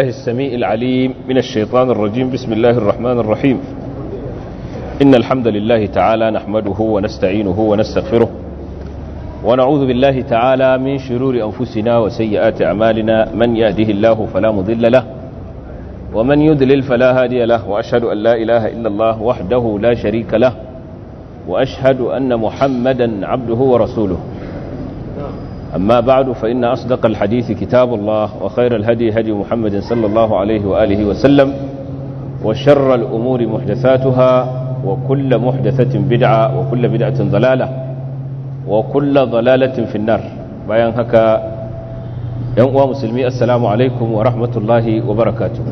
الله السميع العليم من الشيطان الرجيم بسم الله الرحمن الرحيم إن الحمد لله تعالى نحمده ونستعينه ونستغفره ونعوذ بالله تعالى من شرور أنفسنا وسيئات أعمالنا من يهده الله فلا مضل له ومن يدلل فلا هادي له وأشهد أن لا إله إلا الله وحده لا شريك له وأشهد أن محمدا عبده ورسوله أما بعد فإن أصدق الحديث كتاب الله وخير الهدي هدي محمد صلى الله عليه وآله وسلم وشر الأمور محدثاتها وكل محدثة بدعة وكل بدعة ضلالة وكل ضلالة في النار بيان هكا ينقوى مسلمي السلام عليكم ورحمة الله وبركاته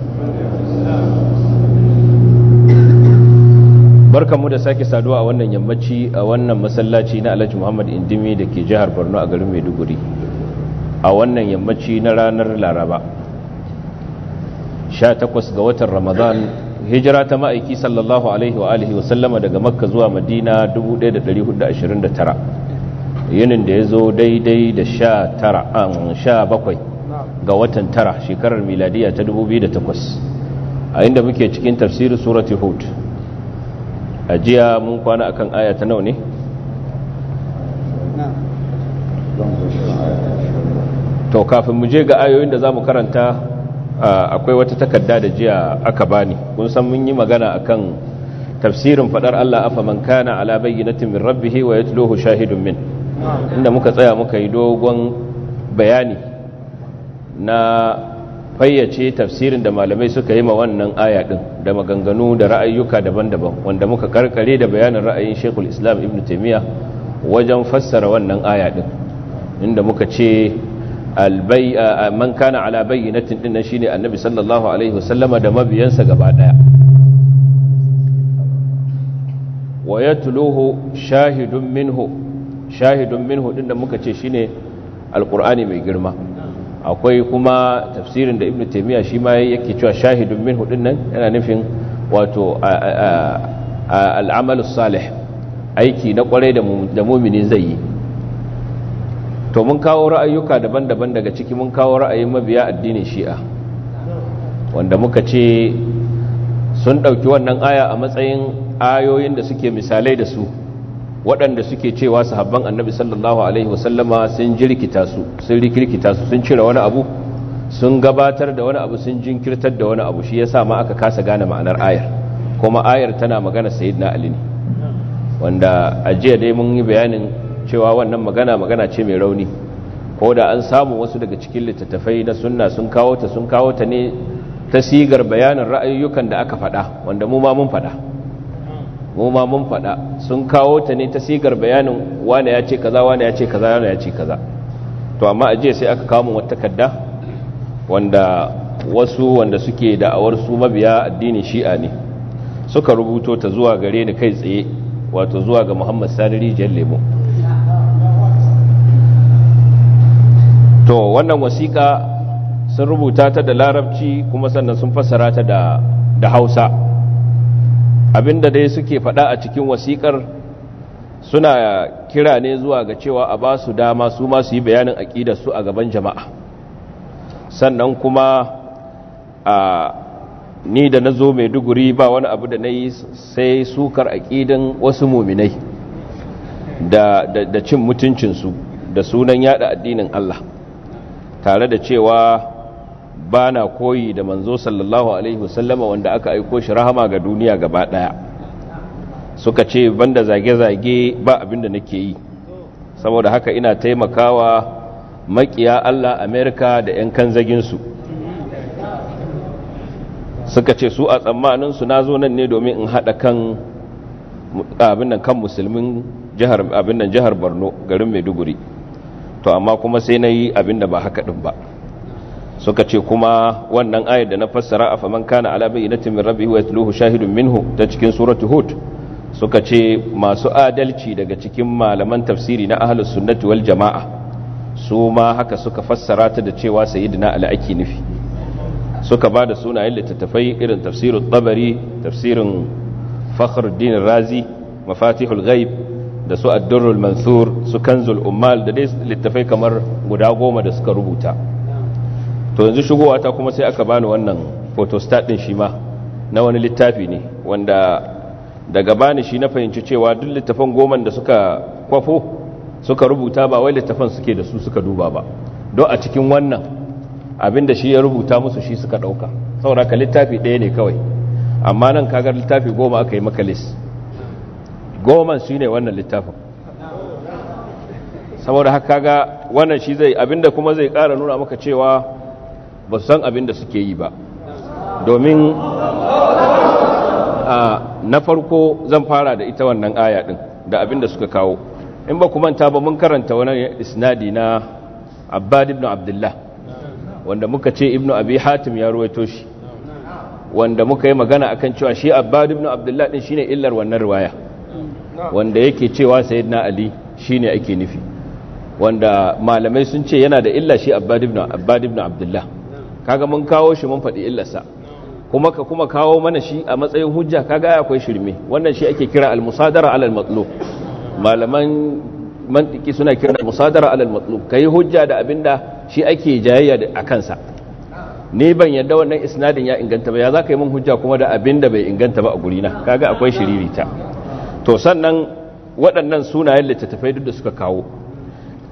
barkamu da sake saduwa a wannan yammaci a wannan masallaci na alhaji muhammad indimi da ke jihar borno a garin maiduguri a wannan yammaci na ranar laraba 18 ga watan ramadan hijira ta ma'aiki sallallahu alaihi wa alihi wasallama daga makka zuwa madina 1429 yinin da ya zo daidai da 17 ga watan tara shekarar miladiya ta 2008 a inda muke cikin tafsirin surati hud a jiya mun kwana akan aya ta nawa ne to kafin mu je ga ayoyin da za mu karanta akwai wata takarda da jiya aka bani kun san mun yi magana akan tafsirin fadar Allah afa man kana ala bayyinatin min rabbihi wa yatluhu shahidun min inda muka tsaya muka yi dogon bayani na fayyace tafsirin da malamai suka yi ma wannan aya din da maganganu da ra'ayyuka daban-daban wanda muka karkare da bayanin ra'ayin Sheikhul Islam Ibn Taymiyyah wajen fassara wannan aya din inda muka ce albay man kana ala bayyinatin din nan shine Annabi sallallahu alaihi wasallama da mabiyansa gaba daya wa yatluhu shahidun minhu shahidun minhu din da muka ce shine alqur'ani mai girma akwai kuma tafsirin da ibnu taymiya shi ma yake cewa shahidun min hudin nan yana nufin wato al'amalus salih aiki na kwarai da mumini zai yi to mun kawo ra'ayyuka daban-daban daga ciki mun kawo ra'ayin mabiya addinin shi'a wanda muka ce sun ɗauki wannan aya a matsayin ayoyin da suke misalai da su waɗanda suke cewa sahabban annabi sallallahu alaihi wasallama sun jirkita su sun rikirkita su sun cire wani abu sun gabatar da wani abu sun jinkirtar da wani abu shi yasa ma aka kasa gane ma'anar ayar kuma ayar tana magana sayid ali ne wanda a jiya dai mun yi bayanin cewa wannan magana magana ce mai rauni ko da an samu wasu daga cikin littattafai na sunna sun kawo ta sun kawo ta ne ta sigar bayanin ra'ayoyukan da aka faɗa wanda mu ma mun faɗa mu ma mun faɗa sun kawo ta ne ta sigar bayanin wane ya ce kaza wane ya ce kaza wane ya ce kaza to amma aje sai aka kawo wata takarda wanda wasu wanda suke da'awar su mabiya addinin shi'a ne suka rubuto ta zuwa gare ni kai tsaye wato zuwa ga Muhammad Sani Rijiyar Lemo to wannan wasiƙa sun rubuta ta da larabci kuma sannan sun fassara ta da Hausa abinda dai suke faɗa a cikin wasikar suna kira ne zuwa ga cewa a ba su dama su ma su yi bayanin aƙidarsu a gaban jama'a sannan kuma a ni da na zo mai duguri ba wani abu da na yi sai sukar aƙidan wasu muminai da cin mutuncinsu da sunan yada addinin Allah tare da cewa ba na koyi da manzo sallallahu alaihi wasallama wanda aka aiko shi rahama ga duniya gaba daya suka ce banda zage-zage ba abinda nake yi saboda haka ina taimakawa makiya Allah Amerika da 'yan zaginsu. suka ce su a tsammaninsu na zo nan ne domin in haɗa kan abin da kan musulmin jihar abin da jihar Borno garin Maiduguri to amma kuma sai na yi abin da ba haka ɗin ba suka ce kuma wannan ayar da na fassara a faman kana ala na timin rabbihi wa yatluhu shahidun minhu ta cikin suratu hud suka ce masu adalci daga cikin malaman tafsiri na ahlus sunnati wal jama'a su ma haka suka fassara ta da cewa sayyidina al'aki nufi suka ba da sunayen littattafai irin tafsirin tabari tafsirin fakhruddin razi mafatihul ghaib da su ad mansur su kanzul ummal da dai littattafai kamar guda goma da suka rubuta to yanzu shigowa ta kuma sai aka bani wannan photostat din shi ma na wani littafi ne wanda daga bani shi na fahimci cewa duk littafan goma da suka kwafo suka rubuta ba wai littafan suke da su suka duba ba don a cikin wannan abin da shi ya rubuta musu shi suka ɗauka saboda ka littafi ɗaya ne kawai amma nan kagar littafi goma aka yi maka list goman shi ne wannan littafin saboda haka ga wannan shi zai abinda kuma zai ƙara nuna maka cewa ba san abin da suke yi ba domin na farko zan fara da ita wannan aya din da abin da suka kawo in ba manta ba mun karanta wani isnadi na abbad ibn abdullah wanda muka ce ibn abi hatim ya ruwaito shi wanda muka yi magana akan cewa shi abbad ibn abdullah din shine illar wannan riwaya wanda yake cewa sayyidina ali shine ake nufi wanda malamai sun ce yana da illa shi ibn abdullah kaga mun kawo shi mun faɗi illarsa kuma ka kuma kawo mana shi a matsayin hujja kaga akwai shirme wannan shi ake kira al-musadara alal matlub malaman mantiki suna kira al-musadara alal matlub kai hujja da abinda shi ake jayayya a kansa ni ban yadda wannan isnadin ya inganta ba ya zaka yi mun hujja kuma da abinda bai inganta ba a gurina kaga akwai shiririta to sannan waɗannan sunayen littattafai duk da suka kawo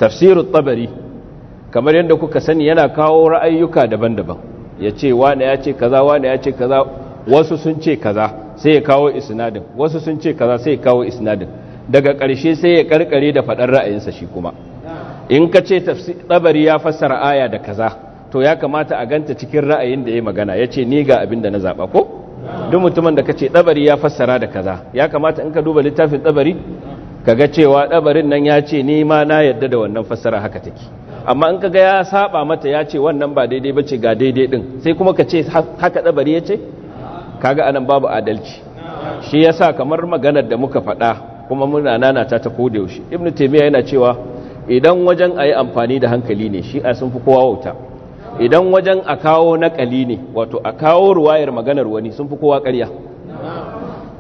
tafsirut tabari kamar yadda kuka sani yana kawo ra'ayyuka daban-daban ya ce wane ya ce kaza wane ya ce kaza wasu sun ce kaza sai ya kawo isnadin wasu sun ce kaza sai ya kawo isnadin daga ƙarshe sai ya ƙarƙare da faɗar ra'ayinsa shi kuma in ka ce tabari ya fassara aya da kaza to ya kamata a ganta cikin ra'ayin da ya magana ya ce ni ga abin da na zaɓa ko duk mutumin da ka ce tabari ya fassara da kaza ya kamata in ka duba littafin tsabari ka ga cewa tabarin nan ya ce ni ma na yadda da wannan fassara haka take amma in ka ga ya saba mata ya ce wannan ba daidai bace ga daidai din sai kuma ka ce haka dabari yace kaga anan babu adalci shi yasa kamar maganar da muka faɗa kuma muna nanata ta koda yaushe ibnu taymiya yana cewa idan wajen ayi amfani da hankali ne shi a sun fi kowa wauta idan wajen a kawo nakali ne wato a kawo ruwayar maganar wani sun fi kowa ƙarya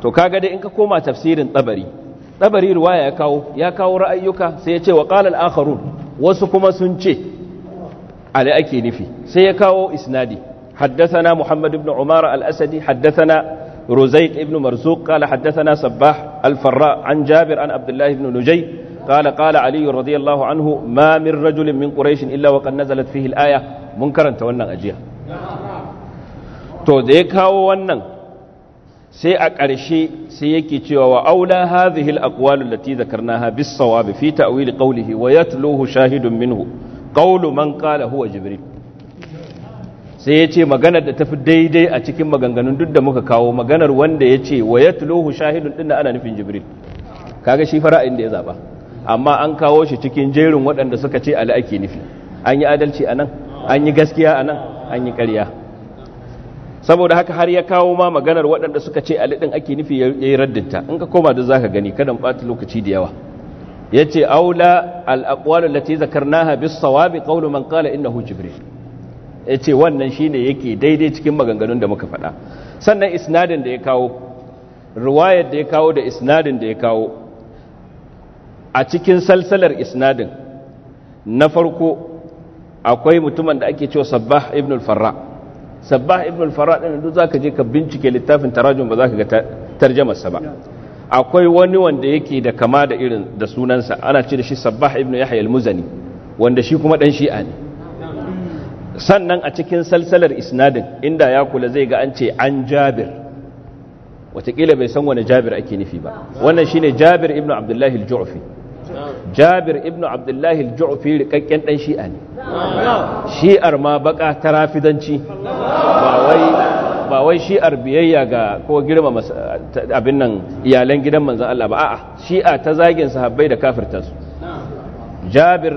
to kaga dai in ka koma tafsirin tsabari tsabari ruwaya ya kawo ya kawo ra'ayyuka sai ya ce wa qala al-akharun wasu kuma sun ce ali ake nufi sai ya kawo isnadi haddathana muhammad ibn umar al-asadi haddathana ruzayq ibnu marzu kala haddathana sabbah alfarra an jabir an abdullahi ibn nujai qala kala aliyu radiyallahu anhu ma min rajulin min quraish illa wa qad nazalat fihi al-aya munkaranta wannan ajiya to da ya kawo wannan sai a ƙarshe sai yake cewa wa aula hadhihi al-aqwalu allati dhakarnaha bis-sawab fi ta'wil qawlihi wa yatluhu shahidun minhu qawlu man qala huwa jibril sai yace magana da tafi daidai a cikin maganganun duk da muka kawo maganar wanda yace wa yatluhu shahidun din ana nufin jibril kaga shi fara'in da ya zaba amma an kawo shi cikin jerin waɗanda suka ce ala ake nufi an yi adalci anan an yi gaskiya anan an yi ƙarya saboda haka har ya kawo ma maganar waɗanda suka ce ali din ake nufi ya yi raddinta in ka koma da zaka gani kada ɓata lokaci da yawa ya ce aula al'aƙwalu lati na bis sawabi qawlu man qala innahu jibril ya ce wannan shi ne yake daidai cikin maganganun da muka faɗa sannan isnadin da ya kawo ruwayar da ya kawo da isnadin da ya kawo a cikin salsalar isnadin na farko akwai mutumin da ake cewa sabbah ibn al-farra sabbah ibn al-farad din duk zaka je ka bincike littafin tarajum ba zaka ga tarjamarsa ba akwai wani wanda yake da kama da irin da sunansa ana ce da shi sabbah ibn yahya al-muzani wanda shi kuma dan shi'a ne sannan a cikin salsalar isnadin inda ya kula zai ga an ce an jabir watakila bai san wani jabir ake nufi ba wannan shine jabir ibn abdullahi al-ju'fi jabir Ibn abdullahi al-ju'fi rikakken dan shi'a ne shi'ar ma baka ta rafidanci ba wai shi'ar biyayya ga ko girma abin nan iyalan gidan manzan Allah ba a'a shi'a ta zagin sahabbai da kafirtansu. jabir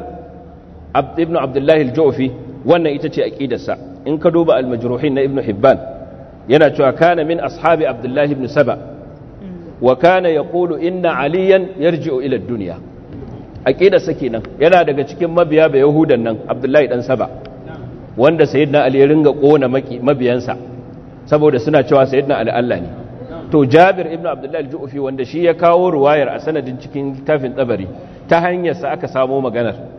Ibn abdullahi al-ju'fi wannan ita ce aqidarsa in ka duba al-majruhin na ibnu hibban yana cewa kana min ashabi abdullahi ibn saba mm. wa kana yaqulu inna aliyan yarji'u ila ad-dunya sa kenan yana daga cikin mabiya ba yahudan nan abdullahi dan saba wanda sayyidina ali ya ringa kona mabiyansa saboda suna cewa sayyidina ali Allah ne to jabir ibnu abdullahi al-ju'fi wanda shi ya kawo ruwayar a sanadin cikin tafin tabari ta hanyar sa aka samo maganar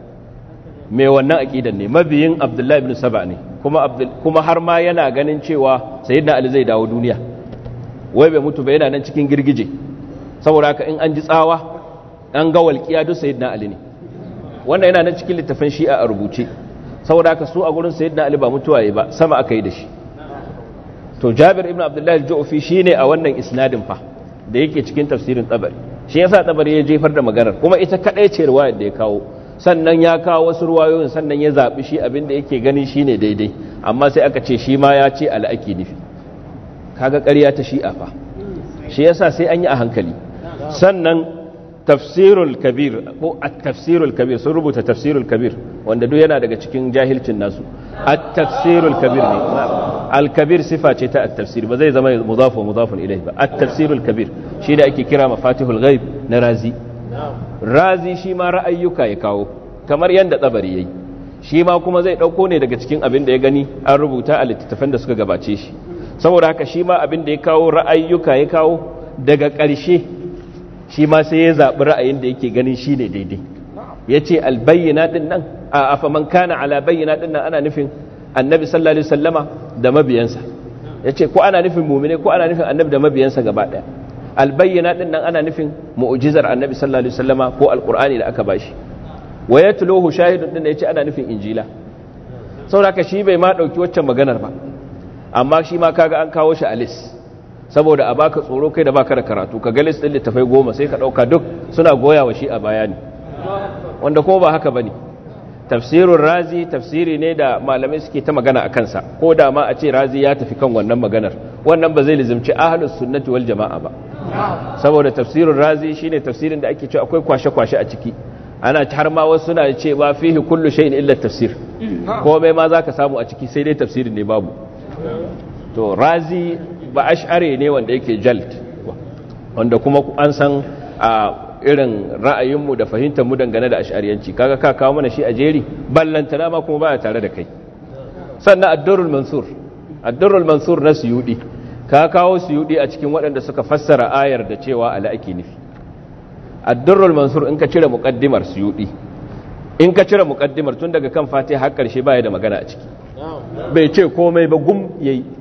Me wannan aqidan ne mabiyin abdullahi ibnu saba ne kuma kuma har ma yana ganin cewa sayyidina ali zai dawo duniya wai bai mutu ba yana nan cikin girgije saboda haka in an ji tsawa ɗan ga walƙiya duk sayyidina ali ne wannan yana nan cikin littafin shi'a a rubuce saboda ka so a gurin sayidina ali ba mutuwa ya ba sama aka yi da shi to jabir ibn abdullahi al-ju'fi ne a wannan isnadin fa da yake cikin tafsirin tabari shi yasa tabari ya jefar da maganar kuma ita kadai ce riwayar da ya kawo sannan ya kawo wasu ruwayoyin sannan ya zaɓi shi abin da yake gani shi ne daidai amma sai aka ce shi ma ya ce al'aki nufi kaga ƙarya ta shi'a fa shi yasa sai an yi a hankali sannan tafsirul kabir ko at tafsirul kabir sun rubuta tafsirul kabir wanda duk yana daga cikin jahilcin nasu at tafsirul kabir ne al kabir sifa ce ta at tafsir ba zai zama mudafu mudafun ilayhi ba at tafsirul kabir shi da ake kira mafatihul ghaib na razi razi shi ma ra'ayyuka ya kawo kamar yadda tsabari yayi shi ma kuma zai dauko ne daga cikin abin da ya gani an rubuta a littattafan da suka gabace shi saboda haka shi ma abin da ya kawo ra'ayyuka ya kawo daga karshe. shi ma sai ya zaɓi ra'ayin da yake ganin shi ne daidai ya ce albayyana ɗin nan a afaman kana ala bayyana ɗin nan ana nufin annabi sallallahu alaihi sallama da mabiyansa ya ce ko ana nufin mumine ko ana nufin annabi da mabiyansa gaba ɗaya albayyana ɗin nan ana nufin mu'ujizar annabi sallallahu alaihi sallama ko alƙur'ani da aka bashi wa ya tulohu shahidun ɗin ya ce ana nufin injila saboda ka shi bai ma ɗauki waccan maganar ba amma shi ma kaga an kawo shi a list saboda a baka tsoro kai da baka da karatu ka ga list din littafai goma sai ka dauka duk suna goya wa shi a bayani wanda ko ba haka bane tafsirin razi tafsiri ne da malamai suke ta magana a kansa ko da ma a ce razi ya tafi kan wannan maganar wannan ba zai lizimci ahlus sunnati wal jama'a ba saboda tafsirin razi shine tafsirin da ake cewa akwai kwashe-kwashe a ciki ana har ma wasu suna ce ba fihi kullu shay'in illa tafsir komai ma zaka samu a ciki sai dai tafsirin ne babu to razi ba ash'ari ne wanda yake jalt wanda kuma an san a irin ra'ayinmu da fahimtar mu dangane da ash'ariyanci kaga ka kawo mana shi a jeri ballantana ma kuma baya tare da kai sannan addurul mansur addurul mansur na suyudi ka kawo suyudi a cikin waɗanda suka fassara ayar da cewa ala ake nufi addurul mansur in ka cire muqaddimar suyudi in ka cire muqaddimar tun daga kan fatiha har karshe baya da magana a ciki bai ce komai ba gum yayi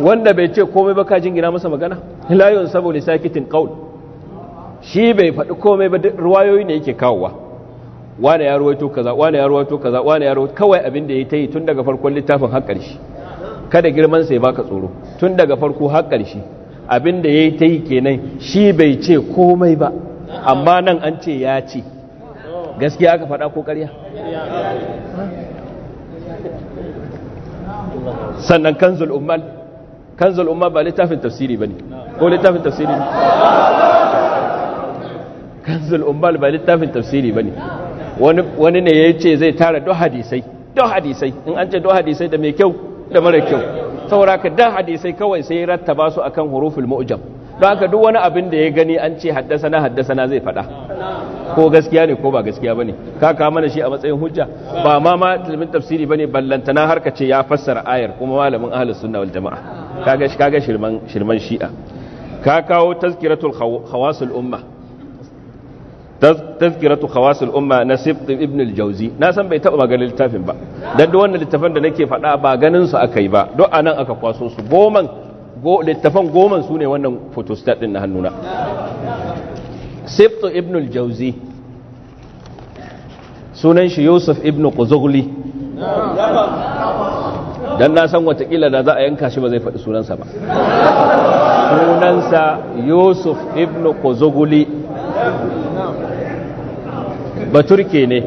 wanda bai ce komai ba ka jingina masa magana la saboda sakitin qaul shi bai faɗi komai ba ruwayoyi ne yake kawowa wane ya ruwaito kaza wane ya ruwaito kaza wane ya ruwaito kawai abin da ya ta yi tun daga farkon littafin har ƙarshe kada girman sai baka tsoro tun daga farko har ƙarshe abin da ya ta yi kenan shi bai ce komai ba amma nan an ce ya ce gaskiya aka faɗa ko ƙarya sannan kanzul ummal kanzul umma ba littafin tafsiri bane ko littafin tafsiri ne kanzul umma ba littafin tafsiri bane wani wani ne yace zai tara duk hadisai duk hadisai in an ce duk hadisai da mai kyau da mara kyau saboda ka duk hadisai kawai sai rattaba su akan huruful mu'jam don haka duk wani abin da ya gani an ce haddasa na haddasa na zai faɗa ko gaskiya ne ko ba gaskiya bane ka kama mana shi a matsayin hujja ba ma ma malamin tafsiri bane ballantana na harka ce ya fassara ayar kuma malamin ahlus sunna wal jamaa kaga shi kaga shirman shirman shi'a ka kawo tazkiratul khawasul umma na sibt ibn al-jawzi na san bai taba maganin littafin ba dan duk wannan littafin da nake faɗa ba ganin su akai ba duk anan aka kwaso su goman littafan goma su ne wannan photostat din na hannuna sifto ibn al-jauzi sunan shi yusuf ibn kuzugli don na san watakila da za a yanka shi ba zai faɗi sunansa ba sunansa yusuf ibn quzugli baturke ne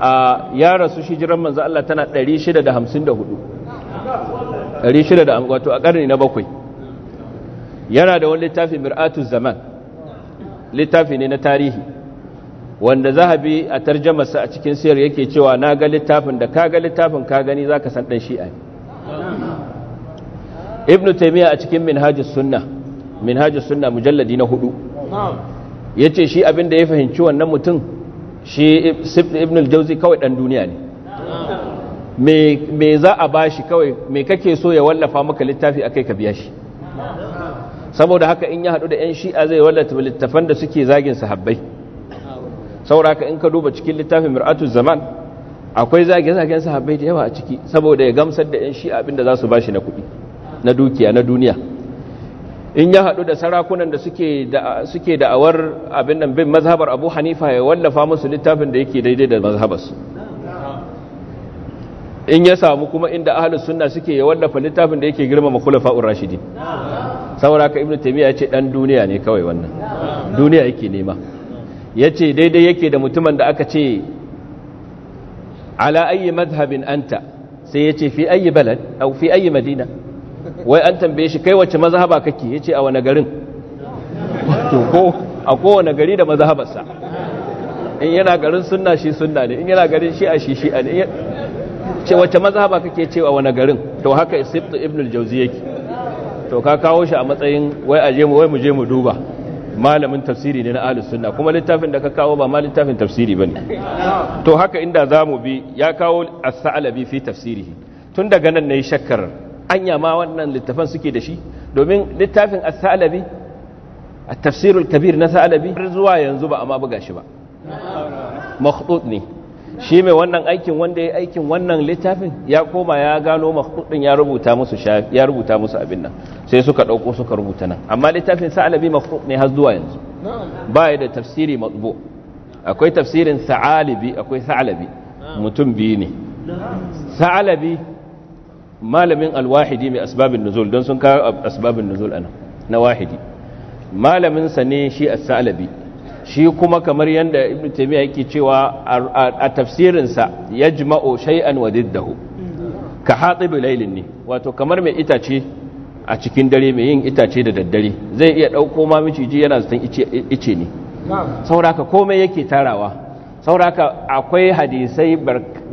a ya rasu shi jiran manzo Allah tana 654 wato a ƙarni na bakwai yana da wani littafi mir'atu zaman littafi ne na tarihi wanda za a tarjamarsa a cikin siyar yake cewa na ga littafin da ka ga littafin ka gani za ka san ɗan shi'a yi. ibn taimiyya a cikin minhajus sunna sunna mujalladi na hudu ya ce shi abin da ya fahimci wannan mutum shi ibn al-jauzi kawai ɗan duniya ne me za a ba shi kawai me kake so ya wallafa maka littafi a kai ka biya shi saboda haka in ya haɗu da 'yan shi'a zai wallafa littafan da suke zagin sahabbai saboda haka in ka duba cikin littafin mir'atun zaman akwai zage-zagen sahabbai da yawa a ciki saboda ya gamsar da 'yan shi'a abinda za su ba shi na kuɗi na dukiya na duniya in ya haɗu da sarakunan da suke da'awar abin nan bin mazhabar abu hanifa ya wallafa musu littafin da yake daidai da mazhabarsu in ya samu kuma inda ahalus sunna suke ya wallafa littafin da yake girmama khulafa'ur rashidin saboda ka ibnu taymiya yace dan duniya ne kawai wannan duniya yake nema yace daidai yake da mutumin da aka ce ala ayi madhhabin anta sai yace fi ayi balad aw fi ayi madina wai an tambaye shi kai wacce mazhaba kake yace a wani garin to ko a kowane gari da mazhabarsa in yana garin sunna shi sunna ne in yana garin shi a shi a ne ce wacce mazhaba kake cewa wani garin to haka isibt ibn al-jawzi yake to ka kawo shi a matsayin wai aje mu wai mu je mu duba malamin tafsiri ne na ahli sunna kuma littafin da ka kawo ba ma littafin tafsiri bane to haka inda zamu bi ya kawo as-sa'labi fi tafsirihi tun daga nan nayi shakkar anya ma wannan littafin suke da shi domin littafin as-sa'labi at-tafsirul kabir na sa'labi zuwa yanzu ba amma buga shi ba makhdud ne shi mai wannan aikin wanda ya aikin wannan littafin ya koma ya gano makhudin ya rubuta musu ya rubuta musu abin nan sai suka dauko suka rubuta nan amma littafin sa'alabi makhud ne har zuwa yanzu ba ya da tafsiri matbu akwai tafsirin sa'alibi akwai sa'alabi mutum biyu ne sa'alabi malamin alwahidi mai asbabin nuzul don sun kawo asbabin nuzul nan na wahidi malamin sa ne shi as-sa'alabi shi kuma kamar yadda ibn taymiya yake cewa a tafsirinsa yajma'u shay'an wa diddahu ka hatib laylin ne wato kamar mai itace a cikin dare mai yin itace da daddare zai iya ɗauko ma ji yana zaton ice ne sauraka komai yake tarawa sauraka akwai hadisai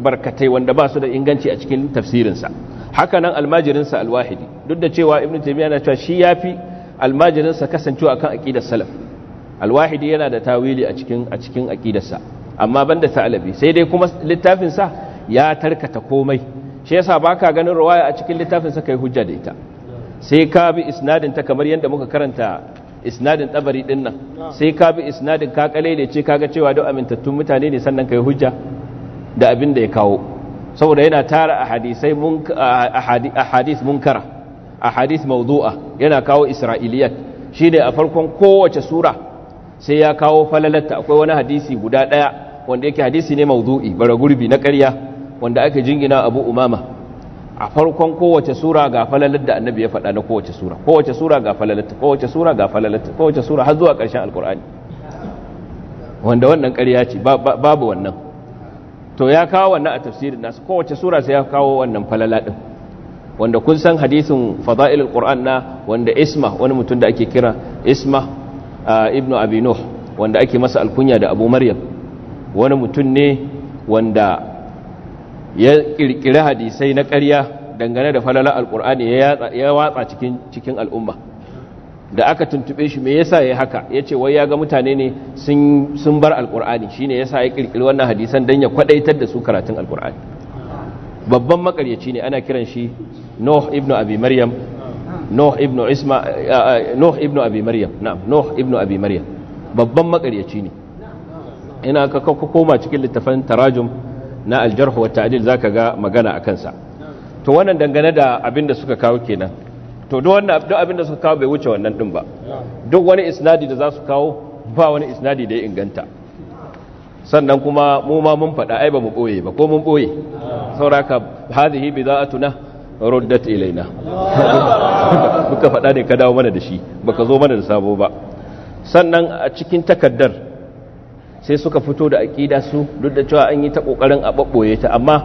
barkatai wanda ba su da inganci a cikin tafsirinsa haka nan almajirinsa alwahidi duk da cewa ibn taymiya na cewa shi ya fi almajirinsa kasancewa akan aqidar salaf alwahidi yana da tawili a cikin a cikin aqidarsa amma banda ta'alabi sai dai kuma littafin sa ya tarkata komai shi yasa baka ganin riwaya a cikin littafin sa kai hujja da ita sai ka bi isnadin ta kamar yadda muka karanta isnadin tabari din nan sai ka bi isnadin ka kalele ce kaga cewa duk amintattun mutane ne sannan kai hujja da abin da ya kawo saboda yana tara ahadisai mun ahadis munkara ahadis mawdu'a yana kawo isra'iliyat shine a farkon kowace sura sai ya kawo falalatta akwai wani hadisi guda ɗaya wanda yake hadisi ne mawdu'i bara gurbi na ƙarya wanda ake jingina abu umama a farkon kowace sura ga falalar da annabi ya faɗa na kowace sura kowace sura ga falalatta kowace sura ga falalatta kowace sura har zuwa ƙarshen alkur'ani wanda wannan ƙarya ce babu wannan to ya kawo wannan a tafsirin nasu kowace sura sai ya kawo wannan falala din wanda kun san hadisin fada'ilul qur'an na wanda isma wani mutum da ake kira isma ibnu abi nuh wanda ake masa alkunya da abu maryam wani mutum ne wanda ya kirkiri hadisai na ƙarya dangane da falala alkur'ani ya watsa cikin al'umma da aka tuntube shi me yasa ya haka ya ce wai ya ga mutane ne sun sun bar alkur'ani shine yasa ya kirkiri wannan hadisan dan ya kwadaitar da su karatun alkur'ani babban makaryaci ne ana kiran shi Nuh ibn Abi Maryam nuh ibn isma eh, eh, nuh ibn abi maryam na'am nuh ibn abi maryam babban makaryaci ne ina ka koma cikin littafin tarajum na al-jarh wa ta'dil zaka ga magana akan sa to wannan dangane da abin da suka kawo kenan to duk wannan duk abin da suka kawo bai wuce wannan din ba duk wani isnadi da za su kawo ba wani isnadi da ya inganta sannan kuma mu ma mun faɗa ai ba mu boye ba ko mun boye sauraka hadhihi bida'atuna ruddat ilaina muka faɗa ne ka dawo mana da shi baka zo mana da sabo ba sannan a cikin takaddar sai suka fito da aƙida su duk da cewa an yi ta kokarin a babboye ta amma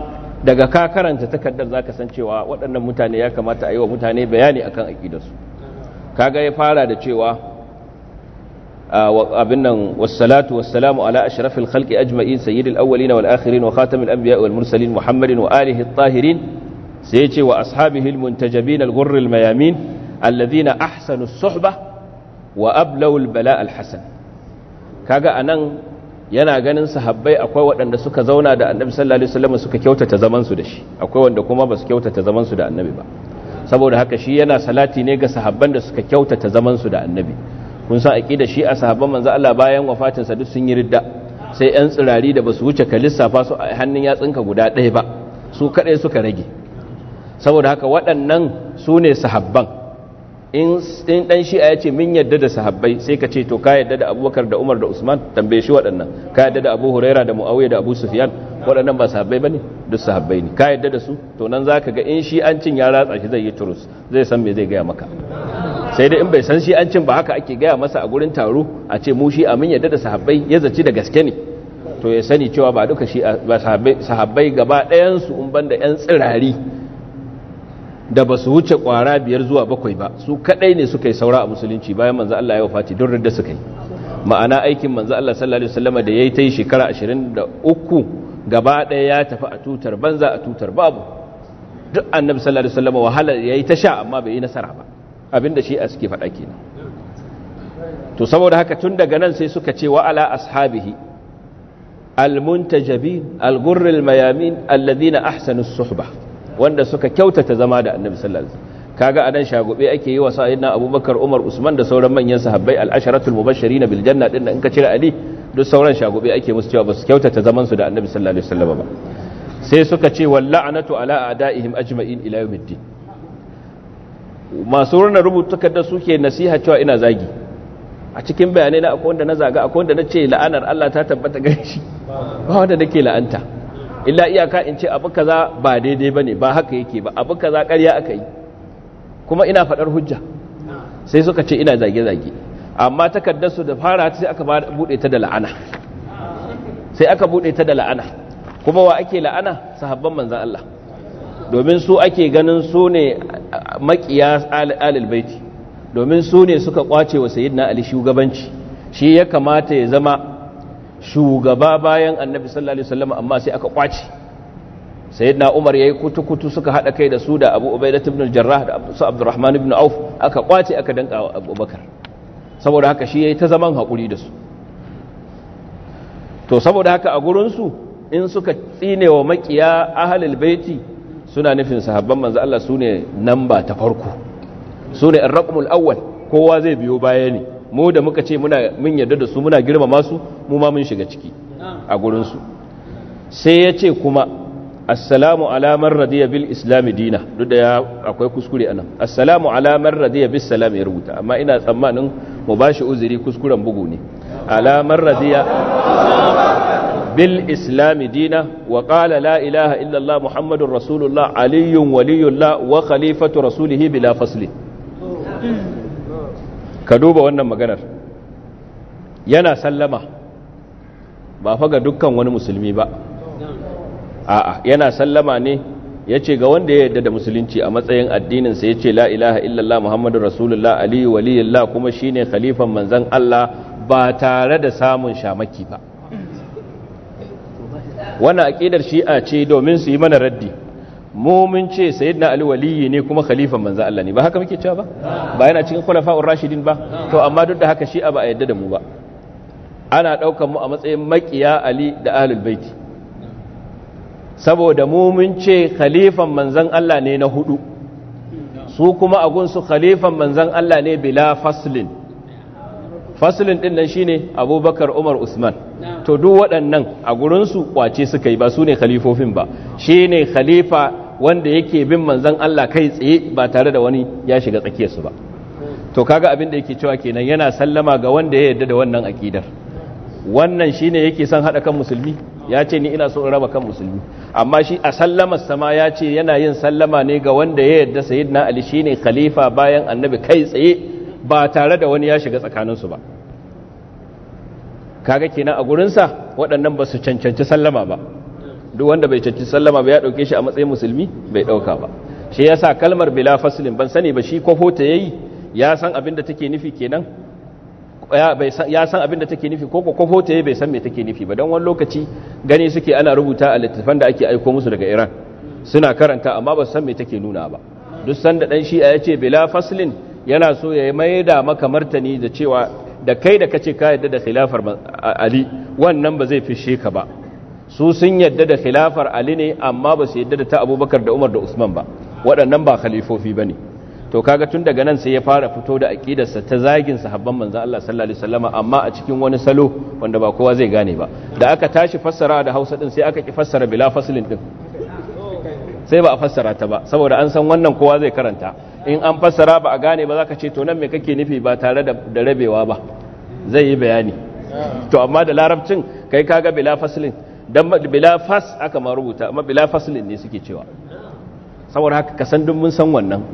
daga ka karanta takardar zaka san cewa waɗannan mutane ya kamata a yi wa mutane bayani akan su kaga ya fara da cewa abin nan wassalatu wassalamu ala ashrafil khalqi ajma'in sayyidil awwalin wal akhirin wa khatamil anbiya wal mursalin muhammadin wa alihi at-tahirin sai ya ce wa ashabihil muntajabin al-ghurril mayamin alladhina ahsanu suhba wa ablawul bala al-hasan kaga anan yana ganin sahabbai akwai waɗanda suka zauna da annabi sallallahu alaihi wasallam suka kyautata zaman su da shi akwai wanda kuma ba su kyautata zaman su da annabi ba saboda haka shi yana salati ne ga sahabban da suka kyautata zaman su da annabi kun san aqida shi a sahabban manzo Allah bayan wafatin sa duk sun yi ridda sai yan tsirari da basu wuce ka lissafa su a hannun yatsinka guda ɗaya ba su kadai suka rage saboda haka waɗannan su ne sahabban in ɗan shi'a ya ce min yadda da sahabbai sai ka ce to ka yadda da abubakar da umar da usman tambaye shi waɗannan ka yadda da abu huraira da mu'awiyya da abu sufiyan waɗannan ba sahabbai ba ne duk sahabbai ne ka yadda da su to nan za ka ga in shi an cin ya ratsa shi zai yi turus zai san me zai gaya maka sai dai in bai san shi an cin ba haka ake gaya masa a gurin taro a ce mu shi a min yadda da sahabbai ya zaci da gaske ne to ya sani cewa ba duka shi ba sahabbai gaba ɗayansu in banda 'yan tsirari da ba su wuce kwara biyar zuwa bakwai ba su kadai ne suka yi saura a musulunci bayan manzo Allah ya wafati don da suka yi ma'ana aikin manzo Allah sallallahu alaihi wasallam da yayi ta yi shekara 23 gaba ɗaya ya tafi a tutar banza a tutar babu duk annabi sallallahu alaihi wasallam wahala yayi ta sha amma bai yi nasara ba abinda shi a suke faɗa kenan to saboda haka tun daga nan sai suka ce wa ala ashabihi al algurril mayamin alladhina ahsanu suhbah wanda suka kyautata zama da annabi sallallahu alaihi wasallam kaga anan shagube ake yi wa sayyidina abubakar umar usman da sauran manyan sahabbai al-asharatul mubashirin bil janna din in ka cire ali duk sauran shagube ake musu cewa basu kyautata zaman su da annabi sallallahu alaihi wasallam ba sai suka ce wal la'natu ala a'daihim ajma'in ila yawmiddin masu rubuta rubutukar da suke nasiha cewa ina zagi a cikin bayanai na akwai wanda na zaga akwai wanda na ce la'anar Allah ta tabbata gare shi ba wanda nake la'anta illa iyaka in ce abu kaza ba daidai bane ba haka yake ba abu kaza ƙarya aka yi kuma ina faɗar hujja sai suka ce ina zage-zage amma takardar su da fara sai aka bude ta da la'ana sai aka bude ta da la'ana kuma wa ake la'ana sahabban manzon Allah domin su ake ganin su ne makiya alil baiti domin su ne suka kwace wa sayyidina ali shugabanci shi ya kamata ya zama shugaba bayan annabi sallallahu alaihi wasallam amma sai aka kwace sayyidina umar yayi kutu-kutu suka hada kai da su da abu ubaidah ibn al-jarrah da abu abdurrahman ibn auf aka kwace aka danka wa abubakar saboda haka shi yayi ta zaman hakuri da su to saboda haka a gurin su in suka tsine wa makiya ahlul baiti suna nufin sahabban manzo Allah sune namba ta farko sune ar-raqmul awwal kowa zai biyo baya ne mu da muka ce muna mun yarda da su muna girmama su mu ma mun shiga ciki a gurinsu sai ya ce kuma assalamu alamar radiya bil islam dina duk da ya akwai kuskure anan assalamu alamar radiya salam ya rubuta amma ina tsammanin mu bashi uzuri kuskuren bugu ne ala man radiya bil islam dina wa qala la ilaha illa allah muhammadur rasulullah aliyyun waliyullah wa khalifatu rasulihi bila fasli ka duba wannan maganar yana sallama ba fa ga dukkan wani musulmi ba a'a yana sallama ne ya ce ga wanda ya yarda da musulunci a matsayin addininsa ya ce la ilaha illallah muhammadu rasulullah aliyu waliyullah kuma shine khalifan manzan Allah ba tare da samun shamaki ba wannan aƙidar shi'a ce domin su yi mana raddi mu ce sayyidina ali waliyi ne kuma khalifan manzo Allah ne ba haka muke cewa ba ba yana cikin khulafa'ur rashidin ba to amma duk da haka shi ba a yadda da mu ba ana daukar mu a matsayin makiya ali da ahlul baiti saboda mu ce khalifan manzon Allah ne na hudu su kuma a su khalifan manzon Allah ne bila faslin faslin din nan shine abubakar umar usman to duk waɗannan a gurinsu kwace suka yi ba su ne khalifofin ba shine khalifa wanda yake bin manzon Allah kai tsaye ba tare da wani ya shiga tsakiyarsu ba to kaga abin da yake cewa kenan yana sallama ga wanda ya yarda da wannan akidar wannan shine yake son hada kan musulmi ya ce ni ina so in raba kan musulmi amma shi a sallamar sama ya ce yana yin sallama ne ga wanda ya yarda sayyidina ali shine khalifa bayan annabi kai tsaye ba tare da wani ya shiga tsakanin su ba kaga kenan a gurin sa waɗannan ba su cancanci sallama ba duk wanda bai cancanci sallama ba ya dauke shi a matsayin musulmi bai dauka ba shi yasa kalmar bila faslin ban sani ba shi kwafo ta yayi ya san abin da take nufi kenan ya san abin da take nufi ko kwafo ta yayi bai san me take nufi ba don wani lokaci gani suke ana rubuta a littattafan da ake aiko musu daga Iran suna karanta amma ba san me take nuna ba duk sanda dan shi'a yace bila faslin yana so ya maida maka martani da cewa da kai da kace ka yadda da khilafar Ali wannan ba zai fishe ka ba su sun yadda da khilafar ali ne amma ba su yadda da ta abubakar da umar da usman ba waɗannan ba khalifofi ba ne to kaga tun daga nan sai ya fara fito da aƙidarsa ta zagin sahabban manzan Allah sallallahu alaihi wasallama amma a cikin wani salo wanda ba kowa zai gane ba da aka tashi fassara da Hausa din sai aka ki fassara bila faslin din sai ba a fassara ta ba saboda an san wannan kowa zai karanta in an fassara ba a gane ba ka ce to nan me kake nufi ba tare da rabewa ba zai yi bayani to amma da larabcin kai kaga bila faslin dan bila fas aka ma rubuta amma bila faslin ne suke cewa saboda haka ka san mun san wannan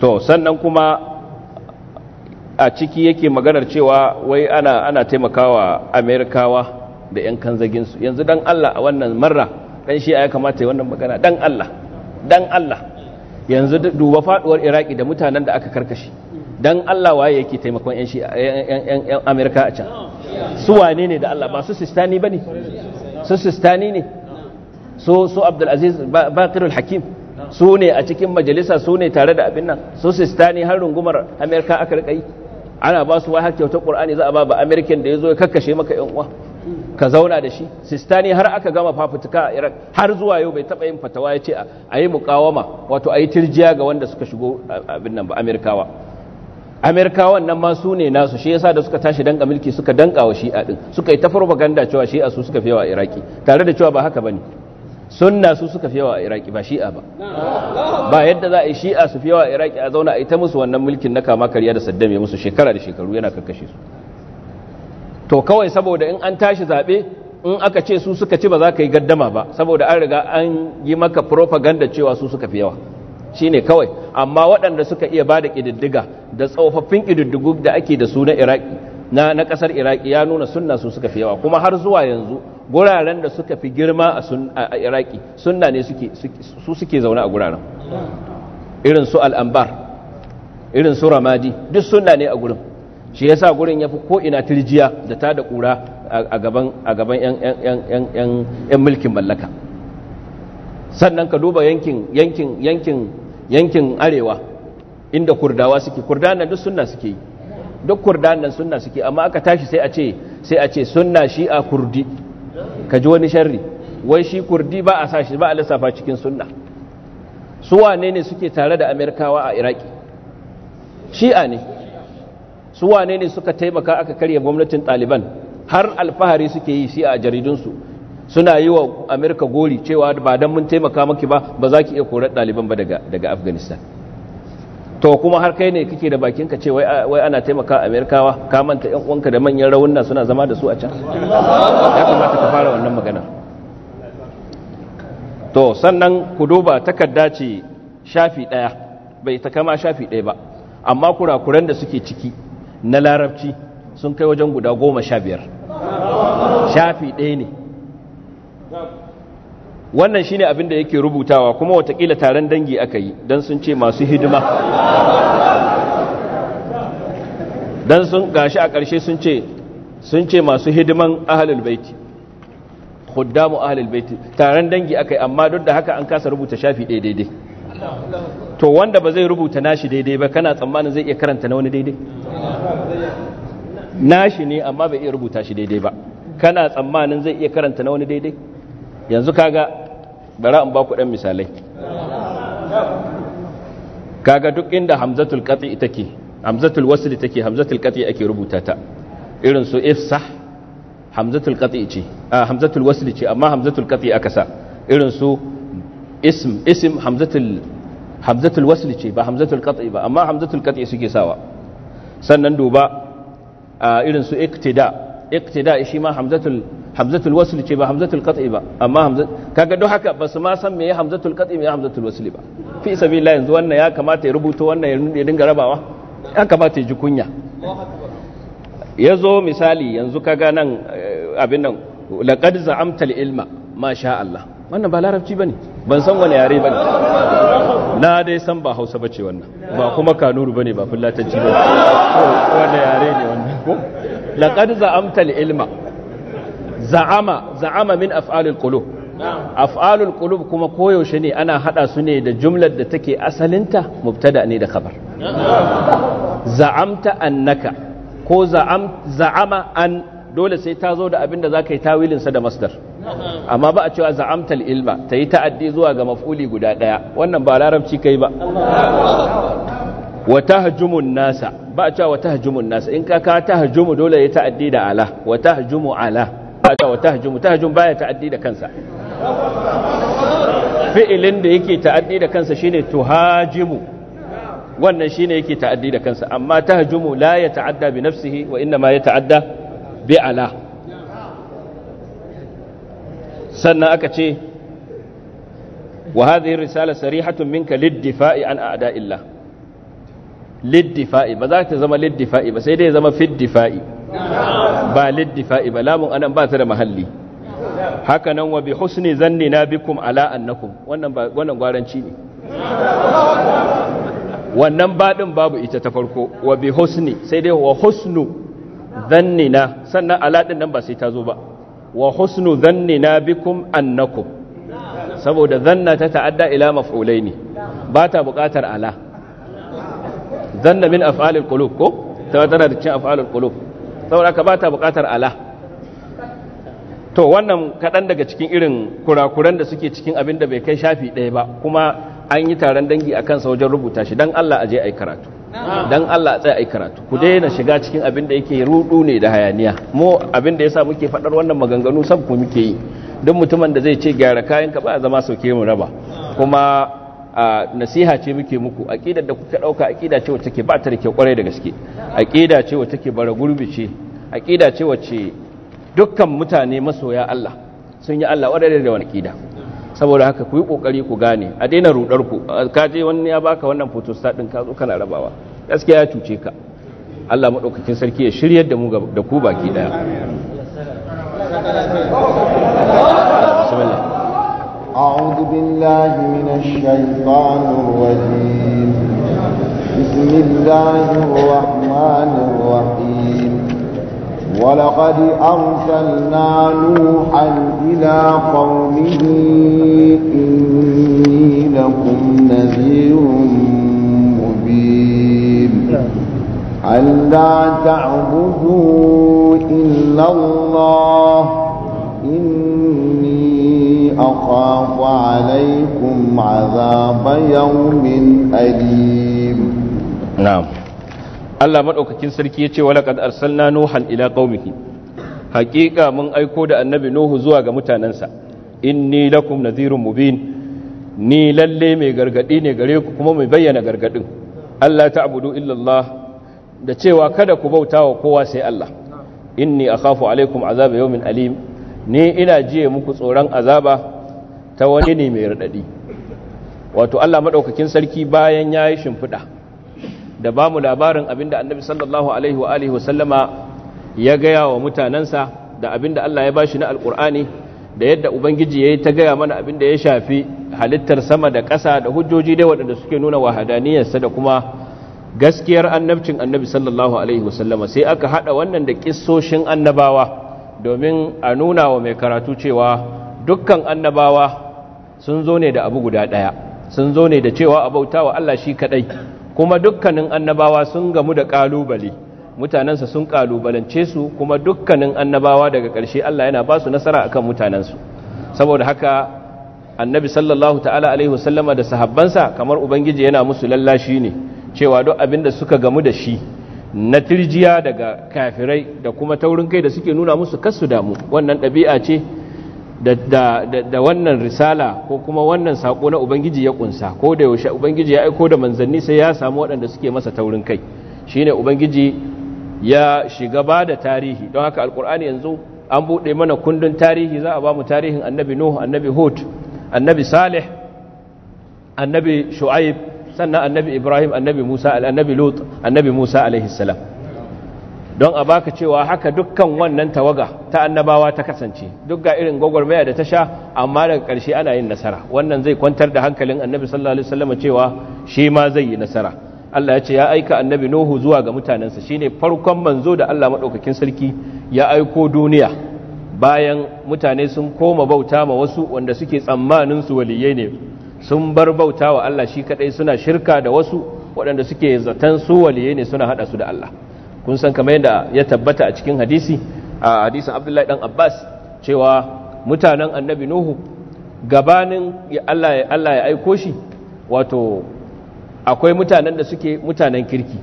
to sannan kuma a ciki yake maganar cewa wai ana ana taimakawa amerikawa da yan kanzaginsu yanzu dan Allah a wannan marra dan shi ya kamata ya wannan magana dan Allah dan Allah yanzu duba faduwar iraki da mutanen da aka karkashi. dan Allah waye yake taimakon yan shi yan Amerika a can su wane ne da Allah ba su sistani bane su sistani ne su su Abdul Aziz Baqirul Hakim su ne a cikin majalisa su ne tare da abin nan su sistani har rungumar Amerika aka rikai ana ba su wahar kyautar Qur'ani za a ba ba American da yazo ya kakkashe maka yan uwa ka zauna da shi sistani har aka gama fafutuka a iraq har zuwa yau bai taɓa yin fatawa ya ce a yi mukawama wato a yi tirjiya ga wanda suka shigo abin nan ba amerikawa amerikawan nan ma su ne nasu shi yasa da suka tashi danka mulki suka danka wa shi'a din suka yi ta propaganda cewa shi'a su suka fi yawa a iraki tare da cewa ba haka bane sunna su suka fi yawa a iraki ba shi'a ba ba yadda za a yi shi'a su fi yawa a iraki a zauna a ita musu wannan mulkin na kama karya da saddam ya musu shekara da shekaru yana karkashe su to kawai saboda in an tashi zaɓe in aka ce su suka ci ba za ka yi gaddama ba saboda an riga an yi maka propaganda cewa su suka fi yawa shi ne kawai amma waɗanda suka iya ba da ƙididdiga da tsofaffin ƙididdigu da ake da su na iraki na ƙasar iraki ya nuna sunna su suka fi yawa kuma har zuwa yanzu guraren da suka fi girma a iraki sunna ne su suke zaune a guraren irin su al'ambar irin su ramadi duk sunna ne a gurin shi ya sa gurin ya fi ko'ina tirjiya da ta da ƙura a gaban 'yan mulkin mallaka sannan ka duba yankin yankin yankin arewa inda kurdawa suke nan duk sunna suke yi duk nan sunna suke amma aka tashi sai a ce sai a ce sunna shi'a kurdi ka ji wani sharri wai shi kurdi ba a sashi ba a lissafa cikin sunna su wane ne suke tare da amerikawa a iraki shi'a ne su wane ne suka taimaka aka karya gwamnatin taliban har alfahari suke yi shi a jaridunsu suna yi wa amerika gori cewa ba don mun taimaka maki ba ba za ki iya korar ɗaliban ba daga afghanistan to kuma har kai ne kike da bakinka ce wai ana taimaka amerikawa ka manta yan uwanka da manyan rawunna suna zama da su a can ya kamata ka fara wannan magana to sannan ku duba takarda ce shafi ɗaya bai ta kama shafi ɗaya ba amma kurakuran da suke ciki na larabci sun kai wajen guda goma sha biyar shafi ɗaya ne wannan shine abin da yake rubutawa kuma watakila taron dangi aka yi don sun ce masu hidima don sun gashi a ƙarshe sun ce sun ce masu hidiman ahalul baiti khuddamu ahalul baiti taron dangi aka yi amma duk da haka an kasa rubuta shafi ɗaya daidai to wanda ba zai rubuta nashi daidai ba kana tsammanin zai iya karanta na wani daidai nashi ne amma bai iya rubuta shi daidai ba kana tsammanin zai iya karanta na wani daidai yanzu kaga bara an ba ku ɗan misalai kaga duk inda hamzatul qati take hamzatul wasl take hamzatul qati ake rubuta ta irin su ifsah hamzatul qati ce hamzatul wasl ce amma hamzatul qati aka sa irin su ism ism hamzatul hamzatul wasl ce ba hamzatul qati ba amma hamzatul qati suke sawa sannan duba irin su iktida iktida shi ma hamzatul hamzatul wasl ce ba hamzatul qat'i ba amma hamzat kaga don haka basu ma san meye hamzatul qat'i meye hamzatul wasl ba fi sabilillah yanzu wannan ya kamata ya rubuto wannan ya dinga rabawa ya kamata ya ji kunya yazo misali yanzu kaga nan eh, abin nan laqad za'amta ilma ma sha Allah wannan ba larabci bane ban san wani yare bane na dai san ba Hausa bace wannan ba kuma Kanuri bane ba fullatanci bane wannan yare ne wannan ko laqad za'amta ilma za'ama za'ama min af'alul qulub af'alul qulub kuma koyaushe ne ana hada su ne da jumlar da take asalinta mubtada ne da khabar za'amta annaka ko za'ama an dole sai ta zo da abinda da za ka yi tawilinsa da masdar amma ba a cewa za'amtal ilma ta yi ta'addi zuwa ga maf'uli guda ɗaya wannan ba larabci kai ba wata hajjumun nasa ba a cewa wata hajjumun nasa in ka ka ta hajjumu dole ya ta'addi da ala wata hajjumu ala ta wa tahjum tahjum baya ta'addi da kansa fi'ilin da yake ta'addi da kansa shine tuhajimu wannan shine yake ta'addi da kansa amma tahjumu la ya ta'adda bi nafsihi wa inna ma ya ta'adda bi ala sannan aka ce wa hadhihi risala sarihatun minka lid-difa'i an a'da'illah lid-difa'i ba za ta zama lid-difa'i ba sai dai zama fid-difa'i ba liddifa'i ba lamun anan ba ta da mahalli haka nan wa bi husni zanni na bikum ala annakum wannan ba wannan gwaranci ne wannan badin babu ita ta farko wa bi husni sai dai wa husnu zanni na sannan ala din nan ba sai ta zo ba wa husnu zanni na bikum annakum saboda zanna ta ta'adda ila maf'ulaini ba ta buƙatar ala zanna min af'alil qulub ko ta tana da cin af'alil qulub saboda ka ba ta buƙatar ala to wannan kaɗan daga cikin irin kurakuran da suke cikin abin da bai kai shafi ɗaya ba kuma an yi taron dangi a kansa wajen rubuta shi don Allah a je a yi karatu don Allah a tsaye a yi karatu ku daina shiga cikin abin da yake rudu ne da hayaniya mu abin da ya sa muke faɗar wannan maganganu sabku muke yi duk mutumin da zai ce gyara kayan ka ba a zama sauke mu raba kuma A nasiha ce muke muku aqidar da kuka dauka aqida ce wacce ke ba ta da kwarai da gaske aqida ce wacce ke bara gurbi ce aqida ce wacce dukkan mutane masoya Allah sun yi Allah wadare da wani aqida saboda haka ku yi kokari ku gane a daina rudar ku ka je wani ya baka wannan foto stat din ka zo kana rabawa gaskiya ya cuce ka Allah madaukakin sarki ya shiryar da mu da ku baki daya أعوذ بالله من الشيطان الرجيم بسم الله الرحمن الرحيم ولقد أرسلنا نوحا إلى قومه إني لكم نذير مبين ألا تعبدوا إلا الله أخاف عليكم عذاب ya أليم نعم Allah madaukakin sarki yace walaqad arsalna nuhan ila qaumihi haqiqa mun aiko da annabi nuhu zuwa ga mutanansa inni lakum nadhirun mubin ni lalle mai gargadi ne gare ku kuma mai bayyana gargadin Allah ta'budu illa Allah da cewa kada ku bautawa kowa sai Allah inni akhafu alaikum azab yawmin alim ni ina jiye muku tsoron azaba ta wani ne mai raɗaɗi wato Allah maɗaukakin sarki bayan ya yi shimfiɗa da ba mu labarin abin da annabi sallallahu alaihi wa alihi wasallama ya gaya wa mutanensa da abin da Allah ya ba shi na alƙur'ani da yadda ubangiji ya yi ta gaya mana abin da ya shafi halittar sama da ƙasa da hujjoji dai waɗanda suke nuna wahadaniyarsa da kuma gaskiyar annabcin annabi sallallahu alaihi wasallama sai aka haɗa wannan da ƙisoshin annabawa domin a nuna wa mai karatu cewa dukkan annabawa sun zo ne da abu guda ɗaya sun zo ne da cewa a bautawa wa Allah shi kaɗai kuma dukkanin annabawa sun gamu da ƙalubale mutanensa sun ƙalubalance su kuma dukkanin annabawa daga ƙarshe Allah yana ba su nasara kan mutanensu saboda haka annabi sallallahu ta'ala alaihi wasallama da sahabbansa kamar ubangiji yana musu lallashi ne cewa duk abin da suka gamu da shi na tirjiya daga kafirai da kuma taurin kai da suke nuna musu kasu damu wannan ɗabi'a ce da, wannan risala ko kuma wannan saƙo na ubangiji ya ƙunsa ko da yaushe ubangiji ya aiko da manzanni sai ya samu waɗanda suke masa taurin kai Shi ne ubangiji ya shiga ba da tarihi don haka alkur'ani yanzu an buɗe mana kundin tarihi za a ba mu tarihin annabi nuhu annabi hud annabi salih annabi shu'aib sannan annabi ibrahim annabi musa annabi lut annabi musa alaihi salam don a baka cewa haka dukkan wannan tawaga ta annabawa ta kasance duk ga irin gwagwarmaya da ta sha amma daga ƙarshe ana yin nasara wannan zai kwantar da hankalin annabi sallallahu alaihi wasallam cewa shi ma zai yi nasara Allah ya ce ya aika annabi Nuhu zuwa ga mutanensa shine farkon manzo da Allah madaukakin sarki ya aiko duniya bayan mutane sun koma bauta ma wasu wanda suke tsammanin su waliyai ne sun bar bauta wa Allah shi kadai suna shirka da wasu waɗanda suke zaton su waliye ne suna haɗa su da Allah kun san kamar yadda ya tabbata a cikin hadisi a hadisin Abdullahi dan Abbas cewa mutanen Annabi Nuhu gabanin Allah ya Allah ya aiko shi wato akwai mutanen da suke mutanen kirki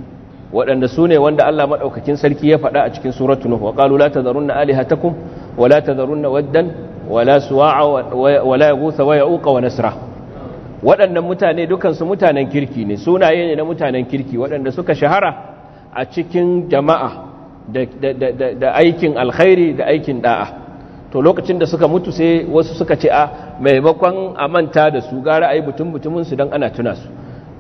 waɗanda su ne wanda Allah maɗaukakin sarki ya faɗa a cikin suratu Nuhu wa qalu la tadharunna alihatakum wa la tadharunna waddan wa la suwa'a wa la yughutha wa ya'uqa wa nasra waɗannan mutane dukansu mutanen kirki ne sunaye ne na mutanen kirki waɗanda suka shahara a cikin jama'a da aikin alkhairi da aikin da'a to lokacin da suka mutu sai wasu suka ce a maimakon a manta da su gara a yi mutum-mutuminsu don ana tuna su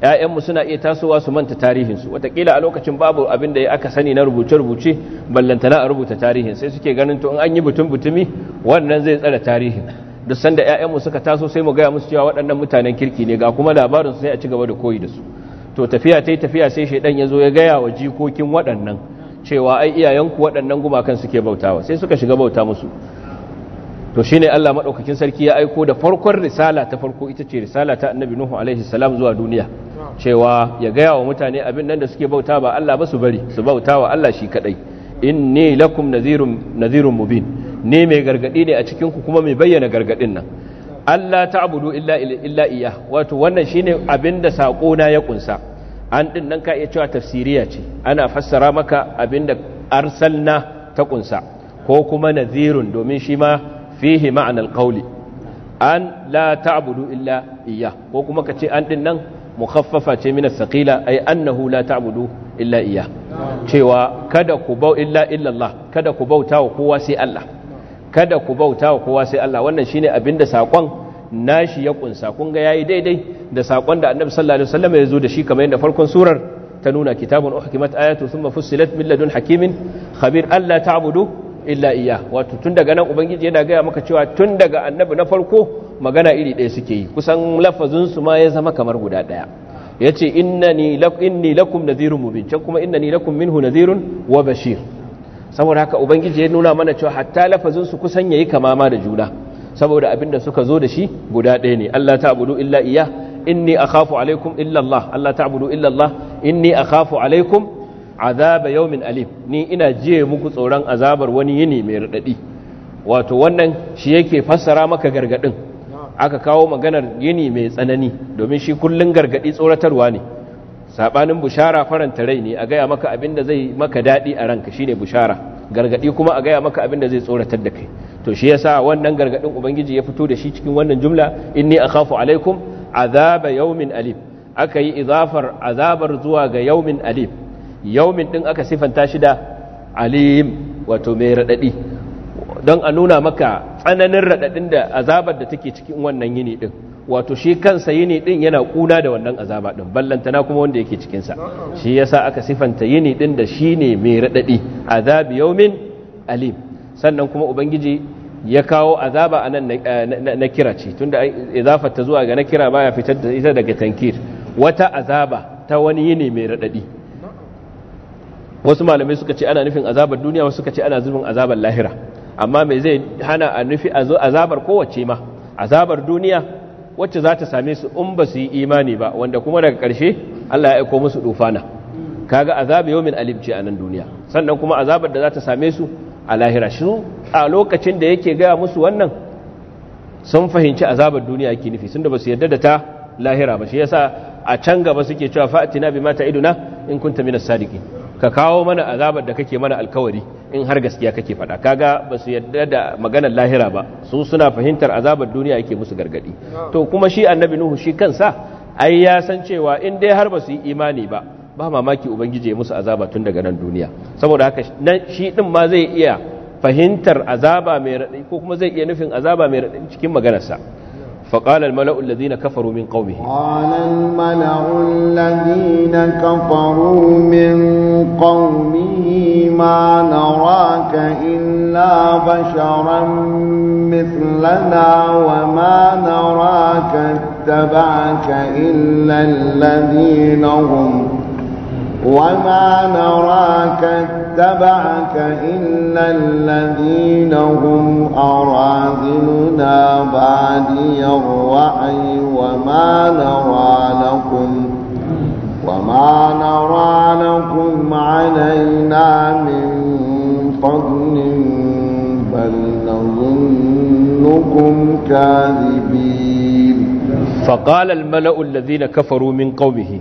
‘ya'yanmu suna iya tasowa su manta tarihinsu watakila a lokacin babu abin da ya aka sani na rubuce-rubuce ballantana a rubuta tarihin sai suke ganin to in an yi mutum-mutumi wannan zai tsara tarihin da sanda ƴaƴanmu suka taso sai mu gaya musu cewa waɗannan mutanen kirki ne ga kuma labarin sai a ci gaba da koyi da su to tafiya tai tafiya sai shaidan ya zo ya gaya wa jikokin waɗannan cewa ai iyayenku waɗannan gumakan suke bautawa sai suka shiga bauta musu to shine Allah madaukakin sarki ya aiko da farkon risala ta farko ita ce risala ta annabi nuhu alaihi salam zuwa duniya cewa ya gaya wa mutane abin nan da suke bauta ba Allah ba su bari su bautawa Allah shi kadai inni lakum nadhirun nadhirun mubin ne mai gargadi ne a cikin kuma mai bayyana gargadin nan Allah ta'budu illa illa iya wato wannan ne abinda sako na ya kunsa an ɗin nan ka iya cewa tafsiriya ce ana fassara maka abinda arsalna ta ƙunsa. ko kuma nazirun domin shi ma fihi ma'anar qawli an la ta'budu illa iya ko kuma ka ce an ɗin nan mukhaffafa ce min as-saqila annahu la ta'budu illa iya cewa kada ku bau illa illallah kada ku bauta wa kowa sai Allah kada ku bauta wa kowa sai Allah wannan shine abinda sakon nashi ya kunsa kun ga yayi daidai da sakon da Annabi sallallahu alaihi wasallam ya zo da shi kamar yadda farkon surar ta nuna kitabun uhkimat ayatu thumma fussilat min ladun hakimin khabir alla ta'budu illa iyyah wato tun daga nan ubangiji yana ga maka cewa tun daga annabi na farko magana iri ɗaya suke yi kusan lafazin su ma ya zama kamar guda ɗaya yace innani lakum inni lakum nadhirun mubin kuma innani lakum minhu nadhirun wa bashir saboda haka ubangiji ya nuna mana cewa hatta lafazin su kusan yayi kama ma da juna saboda da suka zo da shi guda ɗaya ne Allah ta'budu illa iya inni akhafu alaikum illa Allah Allah ta'budu illa Allah inni akhafu alaikum azaba yawmin alim ni ina je muku tsoron azabar wani yini mai radadi wato wannan shi yake fassara maka gargadin aka kawo maganar yini mai tsanani domin shi kullun gargadi tsoratarwa ne sabanin bushara faranta rai ne a gaya maka abin da zai maka daɗi a ranka shine bushara gargadi kuma a gaya maka abin da zai tsoratar da kai to shi yasa wannan gargadin ubangiji ya fito da shi cikin wannan jumla inni akhafu alaikum azaba yawmin alif aka yi izafar azabar zuwa ga yawmin alif yawmin din aka sifanta shi da alim wato mai radadi don a nuna maka tsananin radadin da azabar da take cikin wannan yini din wato shi kansa yini din yana kuna da wannan azaba din ballantana kuma wanda yake cikin sa shi yasa aka sifanta yini din da ne mai raɗaɗi azabi yaumin, alim sannan kuma ubangiji ya kawo azaba nan eh, na kira ce tunda idafar ta zuwa ga na kira baya fitar da ita daga tankir wata azaba ta wani yini mai raɗaɗi. wasu malamai suka ce ana nufin azabar duniya wasu suka ce ana zubin azabar lahira amma me zai hana a nufi azabar kowace ma azabar duniya wacce za ta same su in ba su yi imani ba wanda kuma daga ƙarshe Allah ya aiko musu dufana kaga azabi yawmin alif ce a nan duniya sannan kuma azabar da za ta same su a lahira shi a lokacin da yake gaya musu wannan sun fahimci azabar duniya yake nufi sun da ba su yarda da ta lahira ba shi yasa a can gaba suke cewa fa'atina bima ta'iduna in kunta minas sadiqin ka kawo mana azabar da kake mana alkawari in har gaskiya kake faɗa kaga ba su yadda da maganar lahira ba su suna fahimtar azabar duniya yake musu gargadi to kuma shi annabi nuhu shi kansa ai ya san cewa in dai har ba su yi imani ba ba mamaki ubangiji ya musu azaba tun daga nan duniya saboda haka shi din ma zai iya fahimtar azaba mai raɗaɗi ko kuma zai iya nufin azaba mai raɗaɗi cikin maganarsa فقال الملأ الذين كفروا من قومه قال الملأ الذين كفروا من قومه ما نراك إلا بشرا مثلنا وما نراك اتبعك إلا الذين هم وما نراك اتبعك إلا الذين هم أراذلنا بادي الرعي وما نرى لكم وما نرى لكم علينا من فضل بل نظنكم كاذبين فقال الملأ الذين كفروا من قومه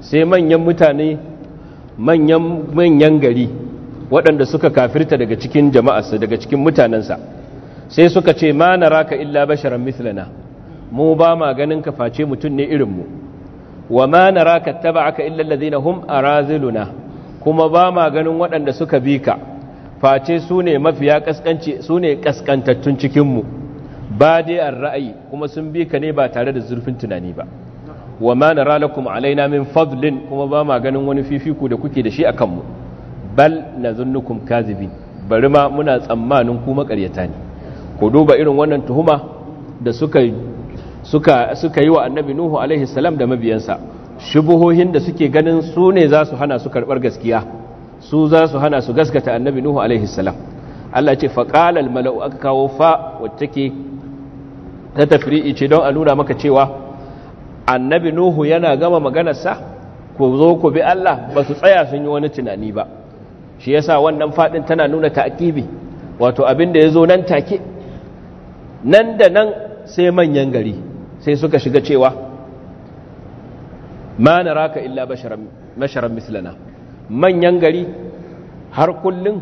sai manyan mutane manyan gari waɗanda suka kafirta daga cikin jama'arsa daga cikin mutanensa sai suka ce ma na raka illa basharar mislana mu ba ma ganin ka face mutum ne irinmu wa ma na raka taba aka illa na hum a raziluna kuma ba ma ganin waɗanda suka bi ka face su ne mafiya ƙasƙanci su ne ƙasƙantattun cikinmu ba dai an ra'ayi kuma sun bi ka ne ba tare da zurfin tunani ba wa ma nara lakum alaina min fadlin kuma ba ma ganin wani fifiku da kuke da shi a kanmu bal nazunnukum kazibi bari ma muna tsammanin ku makaryata ne ku duba irin wannan tuhuma da suka suka suka yi wa annabi nuhu alaihi salam da mabiyansa shubuhohin da suke ganin su ne za su hana su karbar gaskiya su za su hana su gaskata annabi nuhu alaihi salam Allah ce faqala al mala'u aka kawo fa wacce ta tafri'i ce don a nuna maka cewa annabi nuhu yana gama maganarsa ku zo ku bi Allah ba su tsaya sun yi wani tunani ba shi yasa wannan fadin tana nuna ta'kibi wato abin da yazo nan take nan da nan sai manyan gari sai suka shiga cewa ma naraka illa basharan masharan mislana manyan gari har kullun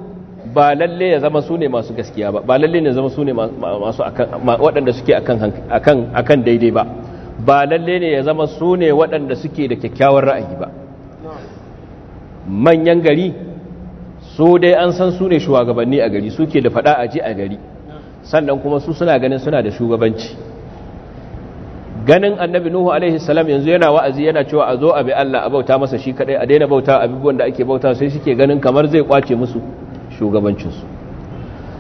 ba lalle ya zama su ne masu gaskiya ba ba lalle ne zama su ne masu akan waɗanda suke akan akan akan daidai ba ba lalle ne ya zama su ne waɗanda suke da kyakkyawar ra'ayi ba manyan gari su dai an san su ne shugabanni a gari suke da faɗa ji a gari sannan kuma su suna ganin suna da shugabanci ganin annabi nuhu alaihi salam yanzu yana wa'azi yana cewa a zo abi Allah a bauta masa shi kadai a daina bauta abubuwan da ake bauta sai suke ganin kamar zai kwace musu shugabancinsu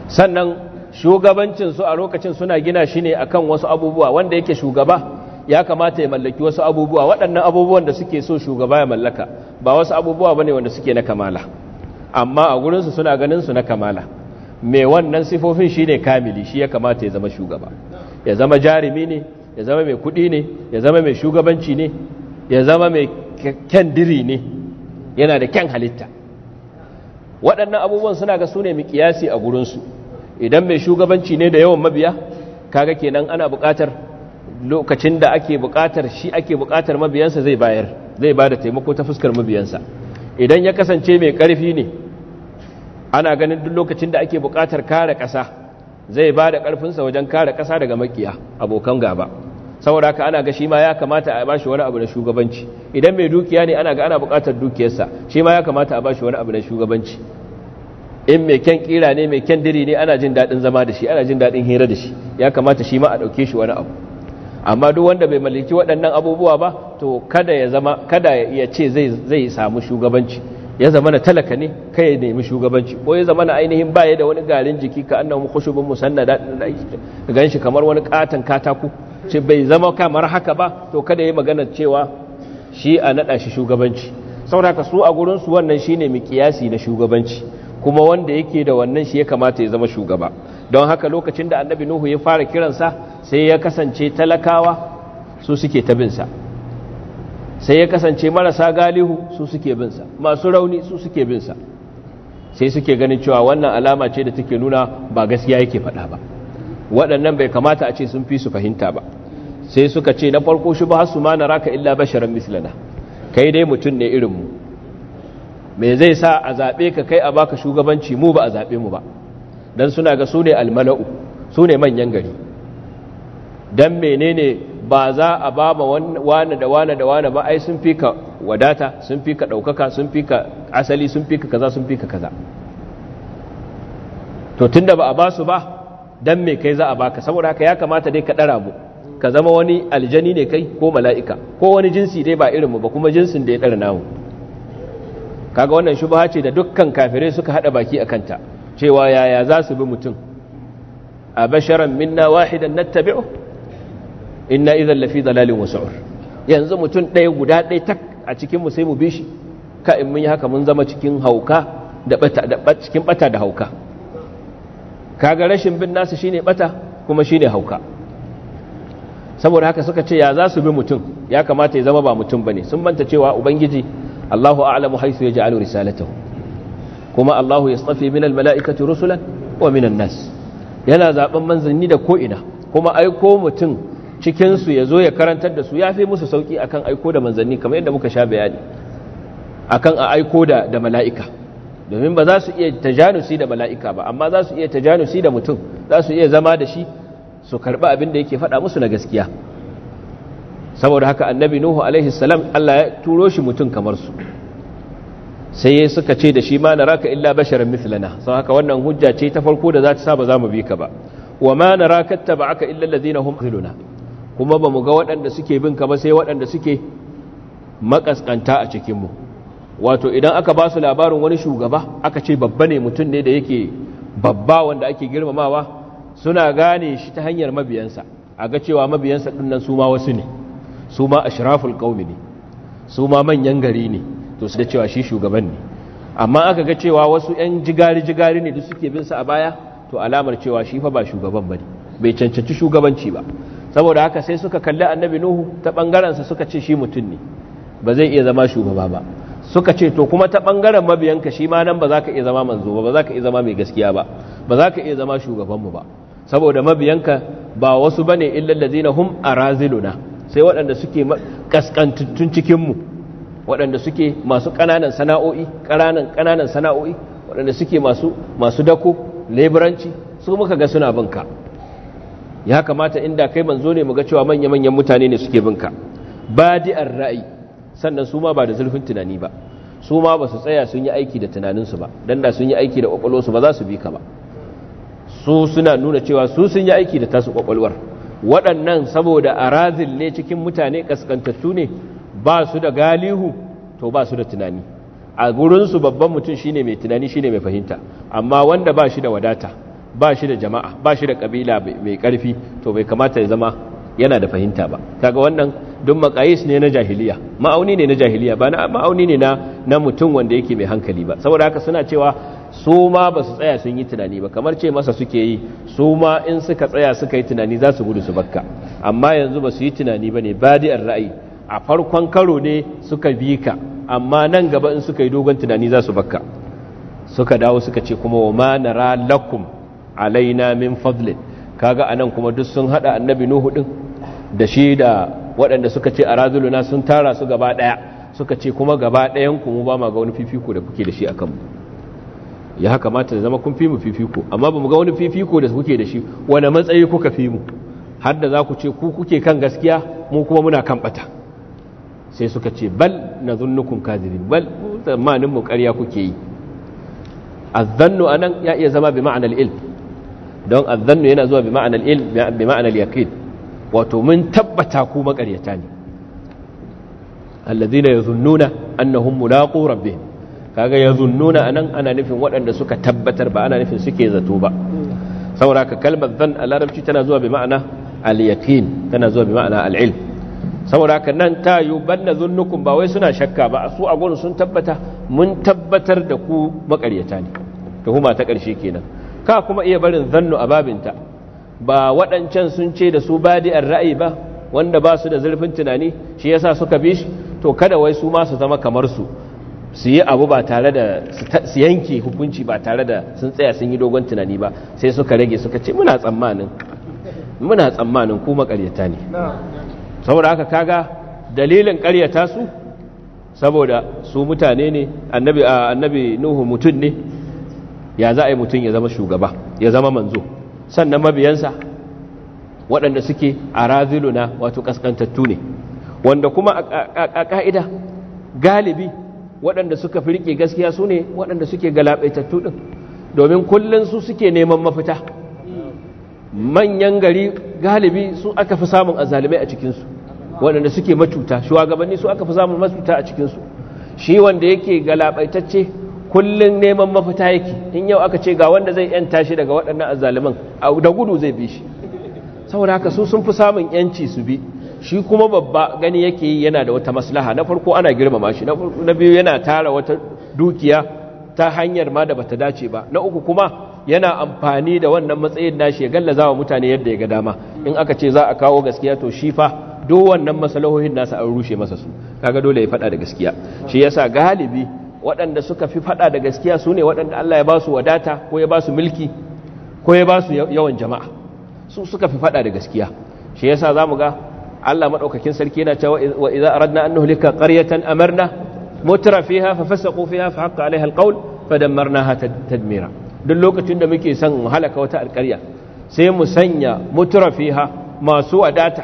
sannan shugabancinsu a lokacin suna gina shi ne akan wasu abubuwa wanda yake shugaba ya kamata ya mallaki wasu abubuwa waɗannan abubuwan da suke so shugaba ya mallaka ba wasu abubuwa bane wanda suke na kamala amma a gurinsu suna ganin su na kamala mai wannan sifofin shine kamili shi ya kamata ya zama shugaba ya zama jarumi ne ya zama mai kuɗi ne ya zama mai shugabanci ne ya zama mai kyan diri ne yana da kyan halitta waɗannan abubuwan suna ga sune ne kiyasi a gurinsu idan mai shugabanci ne da yawan mabiya kaga kenan ana buƙatar lokacin da ake buƙatar shi ake buƙatar mabiyansa zai bayar zai ba da taimako ta fuskar mabiyansa idan ya kasance mai ƙarfi ne ana ganin duk lokacin da ake buƙatar kare ƙasa zai ba da ƙarfinsa wajen kare ƙasa daga makiya abokan gaba saboda ka ana ga shi ma ya kamata a bashi wani abu na shugabanci idan mai dukiya ne ana ga ana buƙatar dukiyarsa shi ma ya kamata a bashi wani abu na shugabanci in mai kyan kira ne mai kyan diri ne ana jin daɗin zama da shi ana jin daɗin hira da shi ya kamata shi ma a ɗauke shi wani abu amma duk wanda bai mallaki waɗannan abubuwa ba to kada ya zama kada ya ce zai zai samu shugabanci ya zama na talaka ne kai ya nemi shugabanci ko ya zama na ainihin baya da wani garin jiki ka annahu khushubun musannada da ganshi kamar wani katan katako ce bai zama kamar haka ba to kada ya magana cewa shi a nada shi shugabanci saboda ka su a gurin su wannan shine kiyasi na shugabanci kuma wanda yake da wannan shi ya kamata ya zama shugaba don haka lokacin da annabi nuhu ya fara kiransa sai ya kasance talakawa su suke ta binsa sai ya kasance marasa galihu su suke binsa masu rauni su suke binsa sai suke ganin cewa wannan alama ce da take nuna ba gaskiya yake faɗa ba waɗannan bai kamata a ce sun fi su fahimta ba sai suka ce na farko shi ba su ma na raka illa basharan mislana kai dai mutum ne irinmu me zai sa a zaɓe ka kai a baka shugabanci mu ba a zaɓe mu ba don suna ga su ne almala'u su ne manyan gari don menene ba za a ba ma wane da wane da wane ba ai sun fi ka wadata sun fi ka ɗaukaka sun fi ka asali sun fi ka kaza sun fi ka kaza to tunda ba a ba su ba don me kai za a baka saboda haka ya kamata dai ka ɗara mu ka zama wani aljani ne kai ko mala'ika ko wani jinsi dai ba irinmu ba kuma jinsin da ya ɗara namu kaga wannan shubha ce da dukkan kafirai suka hada baki a kanta cewa yaya za su bi mutum a basharan minna wahidan nattabi'u inna idhan lafi dalalin wasu'ur yanzu mutum ɗaya guda ɗaya tak a cikin mu sai mu bi ka in mun yi haka mun zama cikin hauka da bata da cikin bata da hauka kaga rashin bin nasu shine bata kuma shine hauka saboda haka suka ce ya za su bi mutum ya kamata ya zama ba mutum bane sun manta cewa ubangiji Allahu ya haythu yaj'alu risalatahu kuma Allahu yastafi min al-mala'ikati rusulan wa nas yana zaben manzanni da ko'ina, kuma aiko mutum cikinsu ya zo ya karantar da su fi musu sauki akan aiko da manzanni kamar yadda muka sha bayani akan a aiko da da mala'ika domin ba za su iya tajanusi da mala'ika ba amma za su iya tajanusi da mutum za su iya zama da shi su karɓi abin da yake faɗa musu na gaskiya saboda haka annabi nuhu alaihi salam Allah ya turo shi mutum kamar su sai ya suka ce da shi ma naraka illa basharan mithlana sau haka wannan hujja ce ta farko da za ta saba za mu bi ka ba wa ma ba aka illa allazina hum ziluna kuma ba mu ga waɗanda suke bin ka ba sai waɗanda suke makaskanta a cikin mu wato idan aka ba su labarin wani shugaba aka ce babba ne mutum ne da yake babba wanda ake girmamawa suna gane shi ta hanyar mabiyansa a ga cewa mabiyansa ɗin nan su ma wasu ne su ma shiraful ƙaumi ne su ma manyan gari ne to su da cewa shi shugaban ne amma aka ga cewa wasu yan jigari jigari ne duk suke bin sa a baya to alamar cewa shi fa ba shugaban ba ne bai cancanci shugabanci ba saboda haka sai suka kalli annabi nuhu ta bangaren sa suka ce shi mutum ne ba zai iya zama shugaba ba suka ce to kuma ta bangaren mabiyanka shi ma nan ba za ka iya zama manzo ba ba za ka iya zama mai gaskiya ba ba za ka iya zama shugaban mu ba saboda mabiyanka ba wasu bane illal ladina hum arazilu na. sai waɗanda suke kaskantattun cikinmu waɗanda suke masu ƙananan sana'o'i ƙananan sana'o'i waɗanda suke masu dako leburanci su muka ga suna binka ya kamata inda kai manzo ne muga cewa manya-manyan mutane ne suke binka badi'ar ra'ayi sannan su ma ba da zurfin tunani ba su ma ba su tsaya sun yi aiki da tunaninsu ba don da sun yi aiki da kwakwalwarsu ba za su bi ka ba su suna nuna cewa su sun yi aiki da tasu kwakwalwar waɗannan saboda arazil ne cikin mutane kaskantattu ne ba su da galihu to ba su da tunani a gurinsu babban mutum shine mai tunani shine mai fahimta amma wanda ba shi da wadata ba shi da jama'a ba shi da ƙabila mai ƙarfi to bai kamata ya zama yana da fahimta ba kaga wannan don maƙayis ne na jahiliya ma'auni ne na jahiliya ba na ma'auni ne na na mutum wanda yake mai hankali ba saboda haka suna cewa su ma ba su tsaya sun yi tunani ba kamar ce masa suke yi su ma in suka tsaya suka yi tunani za su gudu su bakka amma yanzu ba su yi tunani ba ne badi'ar ra'ayi a farkon karo ne suka bi ka amma nan gaba in suka yi dogon tunani za su bakka suka dawo suka ce kuma wa ma nara lakum alaina min fadlin kaga anan kuma duk sun hada annabi nuhu din da shi da waɗanda suka ce a razuluna sun tara su gaba ɗaya suka ce kuma gaba ɗayan ku mu ba ma ga wani fifiko da kuke da shi a kanmu. ya kamata da zama kun fi mu fifiko amma ba mu ga wani fifiko da kuke da shi wani matsayi kuka fi mu har da za ku ce ku kuke kan gaskiya mu kuma muna kan bata sai suka ce bal na zunnukun kazibin bal tsammanin mu karya kuke yi azzannu anan ya iya zama bi ma'anar ilm don azzannu yana zuwa bi ma'anar ilm bi ma'anar yaqin wato mun tabbata ku makaryata ne allazina yazunnuna annahum mulaqu rabbihim kaga ya zunnuna anan ana nufin waɗanda suka tabbatar ba ana nufin suke zato ba saboda ka kalmar zan a larabci tana zuwa bi ma'ana al-yaqin tana zuwa bi ma'ana al-ilm saboda ka nan ta yi banna zunnukum ba wai suna shakka ba su a gurin sun tabbata mun tabbatar da ku makaryata ne tuhuma ta ƙarshe kenan ka kuma iya barin zannu a babinta ba waɗancan sun ce da su badi'ar ra'ayi ba wanda ba su da zurfin tunani shi yasa suka bi shi to kada wai su ma su zama kamar su su yi abu ba tare da su yanke hukunci ba tare da sun tsaya sun yi dogon tunani ba sai suka rage suka ce muna tsammanin muna tsammanin kuma ƙaryata ne saboda haka kaga dalilin ƙaryata su saboda su mutane ne annabi nuhu mutum ne ya za a yi mutum ya zama shugaba ya zama manzo sannan mabiyansa waɗanda suke a raziluna wato ƙasƙantattu ne wanda kuma a ƙa'ida galibi waɗanda suka fi riƙe gaskiya su ne waɗanda suke galabaitattu ɗin domin kullum su suke neman mafita manyan gari galibi su aka fi samun azalimai a cikinsu waɗanda suke macuta shugabanni su aka fi samun macuta a cikinsu shi wanda yake galaɓaitacce kullum neman mafita yake in yau aka ce ga wanda zai yanta shi daga waɗannan azaliman da gudu zai bi shi saboda haka su sun fi samun yanci su bi shi kuma babba gani yake yi yana da wata maslaha na farko ana girmama shi na biyu yana tara wata dukiya ta hanyar ma da bata dace ba na uku kuma yana amfani da wannan matsayin nashi ya za wa mutane yadda ya ga dama in aka ce za a kawo gaskiya to shi fa duk wannan maslahohin nasa an rushe masa su kaga dole ya fada da gaskiya shi yasa galibi waɗanda suka fi fada da gaskiya su ne waɗanda Allah ya ba su wadata ko ya ba su mulki ko ya ba su yawan jama'a su suka fi fada da gaskiya shi yasa mu ga Allah maɗaukakin sarki yana cewa wa idza aradna an nuhlika qaryatan amarna mutra fiha fa fasaqu fiha fa haqqa alaiha alqawl fadammarnaha tadmira duk lokacin da muke son halaka wata alƙarya sai mu sanya mutra fiha masu wadata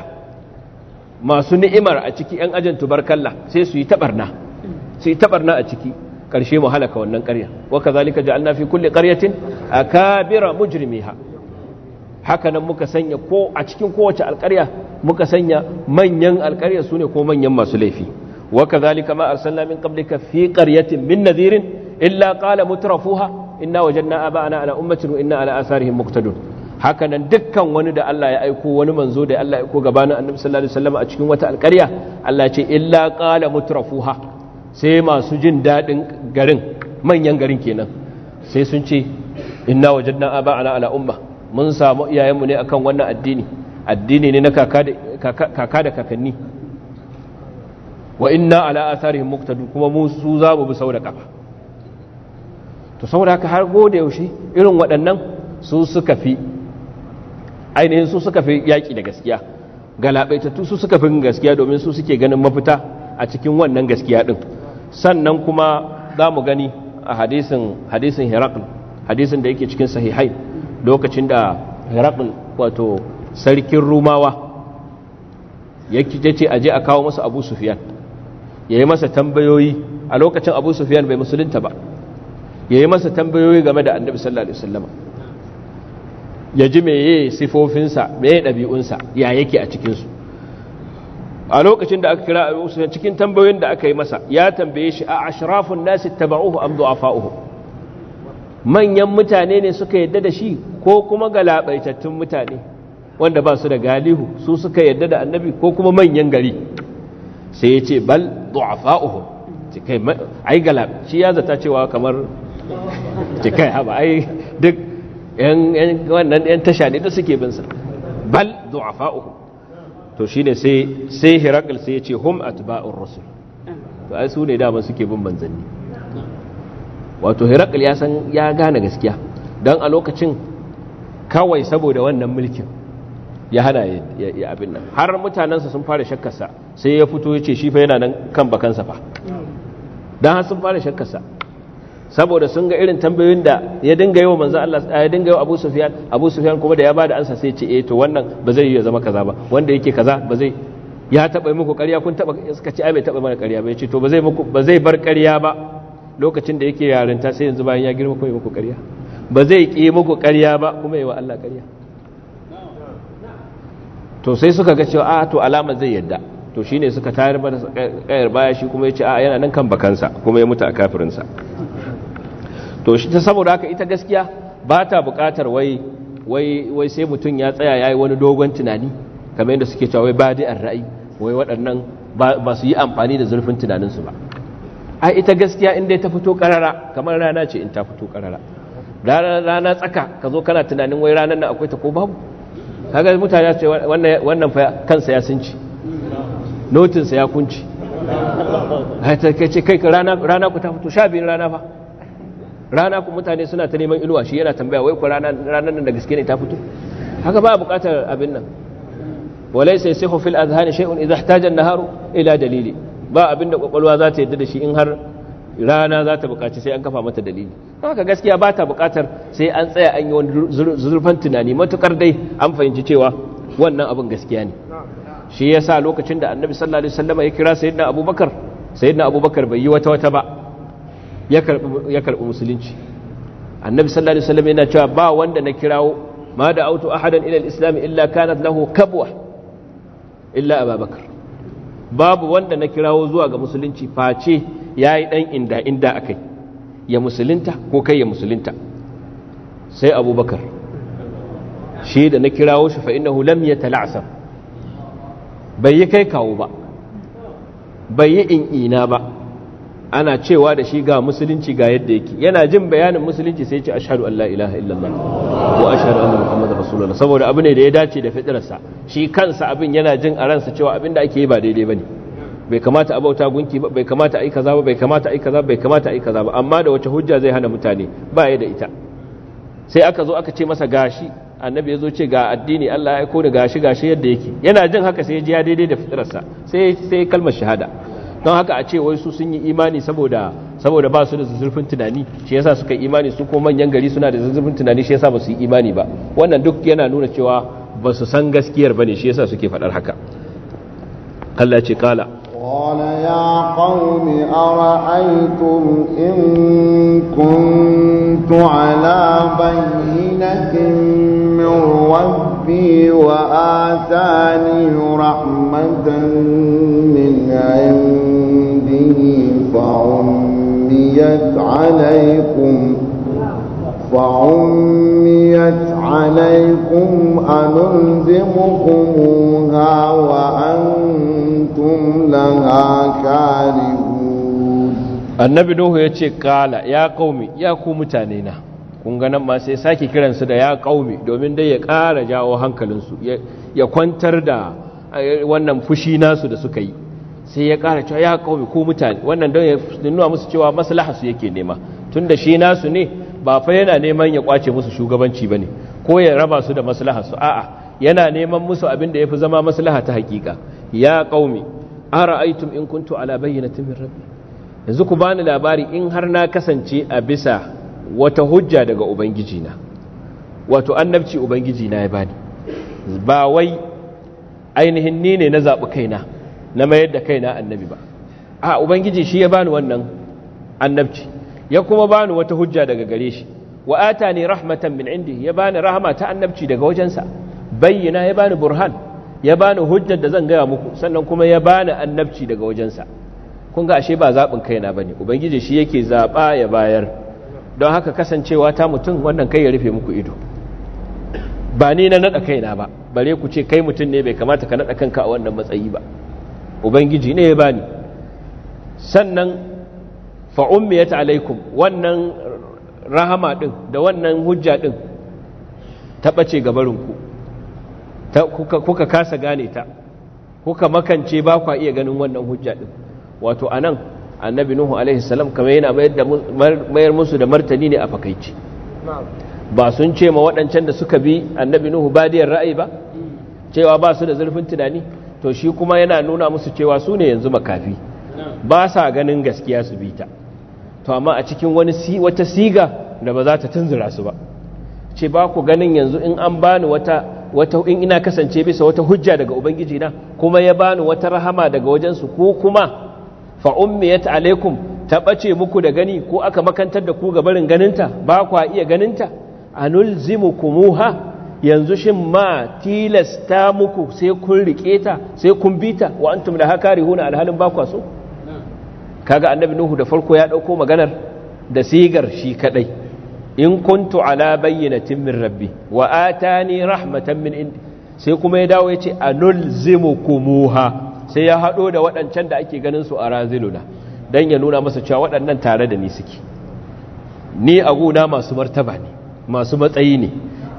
masu ni'imar a ciki yan ajin tubarkalla sai su yi tabarna su yi tabarna a ciki karshe mu halaka wannan ƙarya wa kazalika ja'alna fi kulli qaryatin akabira mujrimiha haka nan muka sanya ko a cikin kowace alƙarya muka sanya manyan alƙarya su ne ko manyan masu laifi wa kadhalika ma arsalna min qablika fi qaryatin min nadhirin illa qala mutrafuha inna wajanna aba'ana ala ummatin wa inna ala atharihim muqtadun haka nan dukkan wani da Allah ya aiko wani manzo da Allah ya aiko gabanin annabi sallallahu alaihi wasallam a cikin wata alƙarya Allah ce illa qala mutrafuha sai masu jin dadin garin manyan garin kenan sai sun ce inna wajanna aba'ana ala umma mun samu iyayenmu ne akan wannan addini addini ne na kaka da kakanni wa inna ala asarihim muqtadu kuma mu su za mu bi saboda kafa to saboda haka har gode yaushe irin waɗannan su suka fi ainihin su suka fi yaƙi da gaskiya galabaitattu su suka fi gaskiya domin su suke ganin mafita a cikin wannan gaskiya din sannan kuma za mu gani a hadisin hadisin hadisin da yake cikin sahihai lokacin da herakl wato sarkin rumawa ya ce aje a kawo masa abu sufiyan ya yi masa tambayoyi a lokacin abu sufiyan bai musulunta ba ya yi masa tambayoyi game da annabi sallallahu alaihi wasallama ya ji meye sifofinsa meye ɗabi'unsa ya yake a cikinsu a lokacin da aka kira abu sufiyan cikin tambayoyin da aka yi masa ya tambaye shi a ashrafun nasi taba'uhu am du'afa'uhu manyan mutane ne suka yadda da shi ko kuma galabaitattun mutane wanda ba su da galihu su suka yadda da annabi ko kuma manyan gari sai ya ce bal du'afa'uhum cikai ai galab shi ya zata cewa kamar cikai haba ai duk yan wannan yan tasha ne da suke bin sa bal du'afa'uhum to shine sai sai hirakil sai ya ce hum atba'ur rasul to ai su ne dama suke bin manzanni wato hirakil ya san ya gane gaskiya dan a lokacin kawai saboda wannan mulkin ya hana ya abin nan har mutanensa sun fara shakkarsa sai ya fito ya ce shi fa yana nan kan bakansa fa don har sun fara shakkarsa saboda sun ga irin tambayoyin da ya dinga yi wa manzo Allah ya dinga yi wa Abu Sufyan Abu Sufyan kuma da ya bada ansa sai ce eh to wannan ba zai yi ya zama kaza ba wanda yake kaza ba zai ya taba yi muku ƙarya kun taba suka ce ai bai taba mana ƙarya ba ya ce to ba zai muku ba zai bar ƙarya ba lokacin da yake yarinta sai yanzu bayan ya girma kuma yi muku ƙarya ba zai ƙi muku ƙarya ba kuma yi wa Allah ƙarya to sai suka ga cewa a ah, to alama zai yadda to shine suka tayar ba kayar baya shi kuma ya ce a ah, yana nan kan bakansa kuma ya mutu a kafirinsa to shi ta saboda haka ita gaskiya ba ta bukatar wai wai wai sai mutun ya tsaya yayi wani dogon tunani kamar yadda suke cewa wai badi ra'ayi wai waɗannan ba su yi amfani da zurfin tunaninsu ba a ita gaskiya in dai ta fito karara kamar rana ce in ta fito karara rana tsaka ka zo kana tunanin wai ranar nan akwai ta ko babu kaga mutane ce wannan fa kansa ya sunci notinsa ya kunci kace kai rana ku ta fito sha biyun rana fa rana ku mutane suna ta neman iluwa shi yana tambaya wai ku ranar nan da gaske ne ta fito haka ba buƙatar bukatar abin nan walaysa sai sai azhani shay'un idha ihtaja an-naharu ila dalili ba abinda kwakwalwa za ta yadda da shi in har rana za ta bukaci sai an kafa mata dalili haka gaskiya ba ta bukatar sai an tsaya an yi wani zurfan tunani matukar dai an fahimci cewa wannan abin gaskiya ne shi ya sa lokacin da annabi sallallahu alaihi wasallama ya kira sayyidina abubakar sayyidina abubakar bai yi wata wata ba ya karbi musulunci annabi sallallahu alaihi wasallam yana cewa ba wanda na kirawo ma da autu ahadan ila al-islam illa kanat lahu kabwa illa abubakar babu wanda na kirawo zuwa ga musulunci face ya yi ɗan inda inda a kai ya musulunta ko kai ya musulunta sai abubakar shi da na kirawo shi na hulam ya tala'asar bai yi kai kawo ba bai yi in'ina ba ana cewa da shi ga musulunci ga yadda yake yana jin bayanin musulunci sai ce ashadu Allah ilaha illallah ko ashadu Allah. rasulullah saboda abu ne da ya dace da fitirarsa shi kansa abin yana jin a ransa cewa abin da ake yi ba daidai bane bai kamata a bauta gunki ba bai kamata a yi kaza ba bai kamata a yi kaza bai kamata a yi kaza ba amma da wace hujja zai hana mutane ba ya da ita sai aka zo aka ce masa gashi annabi ya zo ce ga addini Allah ya aiko da gashi gashi yadda yake yana jin haka sai ya ji ya daidai da fitirarsa sai sai kalmar shahada don haka a ce wai su sun yi imani saboda saboda ba su da zurfin tunani shi yasa suka imani su ko manyan gari suna da zurfin tunani shi yasa ba su yi imani ba wannan duk yana nuna cewa ba su san gaskiyar ba ne shi yasa suke faɗar haka Allah ce kala قال يا قوم أرأيتم إن كنت على بينة من ربي وآتاني رحمة من عندي فعميت عليكم فعميت عليكم أنلزمكموها وأنتم لها كارهون النبي نوح يتشي قال يا قومي يا قوم تانينا kun ganin ma sai sake kiransu da ya kaumi domin dai ya kara jawo hankalinsu ya kwantar da wannan fushi nasu da suka yi sai ya kara cewa ya ƙauye ko mutane wannan don ya nuna musu cewa maslaha su yake nema tun da shi nasu ne ba fa yana neman ya kwace musu shugabanci ba ne ko ya raba su da maslaha su a'a yana neman musu abin da ya fi zama maslaha ta hakika ya ƙaume ara'aitum in kuntu ala bayyinatin min rabbi yanzu ku bani labari in har na kasance a bisa wata hujja daga ubangiji na wato annabci ubangiji na ya bani ba wai ainihin ni ne na zaɓi kaina na mayar da kaina annabi ba a ubangiji shi ya bani wannan annabci ya kuma bani wata hujja daga gare shi wa atani rahmatan min indihi ya bani rahama ta annabci daga wajensa bayyana ya bani burhan ya bani hujjar da zan gaya muku sannan kuma ya bani annabci daga wajensa kun ga ashe ba zaɓin kaina ba ne ubangiji shi yake zaɓa ya bayar don haka kasancewa ta mutum wannan kai ya rufe muku ido ba ni na naɗa kaina ba bare ku ce kai mutum ne bai kamata ka naɗa kanka a wannan matsayi ba ubangiji ne ya bani sannan fa'ummiyat alaikum wannan rahama din da wannan hujja din ta ɓace gabarinku kuka kasa gane ta kuka makance ba kwa iya ganin wannan hujja din wato anan annabi nuhu alaihi salam kamar yana mayar musu da martani ne a fakaici ba sun ce ma waɗancan da suka bi annabi nuhu badiyar ra'ayi ba mm. cewa ba su da zurfin tunani to shi kuma yana nuna musu cewa su ne yanzu makafi ba sa ganin gaskiya su bi ta to amma a cikin wani wata siga da ba za ta tunzura su ba ce ba ku ganin yanzu in an bani wata wata in ina kasance bisa wata hujja daga ubangiji na kuma ya bani wata rahama daga wajensu ko kuma fa ummiyat alaikum ta bace muku da gani ko aka makantar da ku ga barin ganinta ba ku iya ganinta anulzimukumuha yanzu shin ma tilasta muku sai kun rike ta sai kun bita wa antum da haka rihuna alhalin ba kwaso kaga annabi nuhu da farko ya dauko maganar da sigar shi kadai in kuntu ala bayyinatin min rabbi wa atani rahmatan min indi sai kuma ya dawo yace anulzimukumuha sai ya hado da wadancan da ake ganin su a raziluna dan ya nuna masa cewa waɗannan tare da ni suke ni a masu martaba ne masu matsayi ne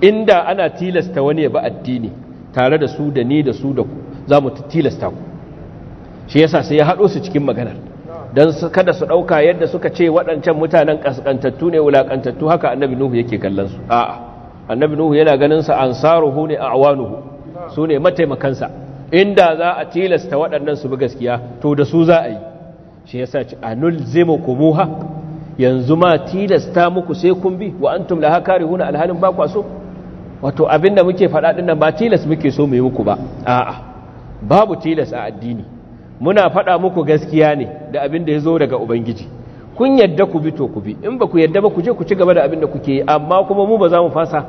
inda ana tilasta wani ba addini tare da su da ni da su da ku za mu tilasta ku shi yasa sai ya haɗo su cikin maganar don kada su ɗauka yadda suka ce waɗancan mutanen ƙasƙantattu ne wulaƙantattu haka annabi nuhu yake kallon su a'a annabi nuhu yana ganin sa ansaruhu ne awanuhu su ne mataimakansa inda za a tilasta waɗannan su bi gaskiya to da su za a yi shi yasa ci kumuha yanzu ma tilasta muku sai kun bi wa antum laha karihuna alhalin ba ku so wato abinda muke faɗa ɗin nan ba tilas muke so mu yi muku ba a'a babu tilas a addini muna faɗa muku gaskiya ne da abinda ya zo daga ubangiji kun yadda ku bi to ku bi in ba ku yadda ba ku je ku ci gaba da abin da kuke yi amma kuma mu ba za mu fasa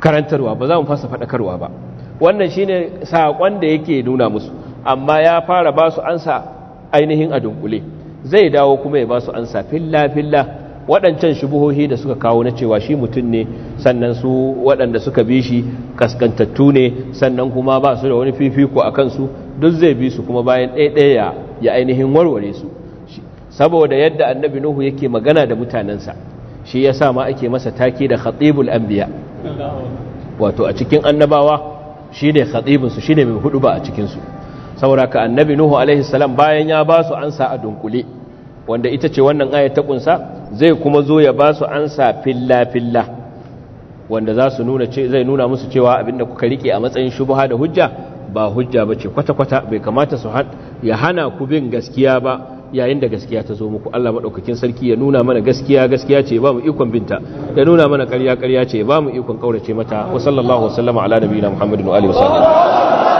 karantarwa ba za mu fasa faɗakarwa ba wannan shine sakon da yake nuna musu amma ya fara ba su ansa ainihin a dunkule zai dawo kuma ya ba su ansa filla filla waɗancan shubuhohi da suka kawo na cewa shi mutum ne sannan su waɗanda suka bi shi kaskantattu ne sannan kuma ba su da wani fifiko a kansu duk zai bi su kuma bayan ɗaiɗaya ya ainihin warware su saboda yadda annabi nuhu yake magana da mutanensa shi ya sa ma ake masa take da khatibul anbiya wato a cikin annabawa shi ne khatibinsu shi ne mai hudu ba a cikinsu saboda ka annabi nuhu alaihi salam bayan ya ba su ansa a dunkule wanda ita ce wannan ayat ta kunsa zai kuma zo ya ba su ansa filla-filla wanda za su nuna zai nuna musu cewa abinda kuka rike a matsayin shubha da hujja ba hujja ba ce kwata-kwata bai kamata su ya hana ku bin gaskiya ba yayin da gaskiya ta zo muku Allah maɗaukakin sarki ya nuna mana gaskiya gaskiya ce ba mu ikon binta ya nuna mana ƙarya ƙarya ce ba mu ikon ƙaurace mata wa sallallahu wasallama ala nabiyina muhammadin wa alihi wa sallam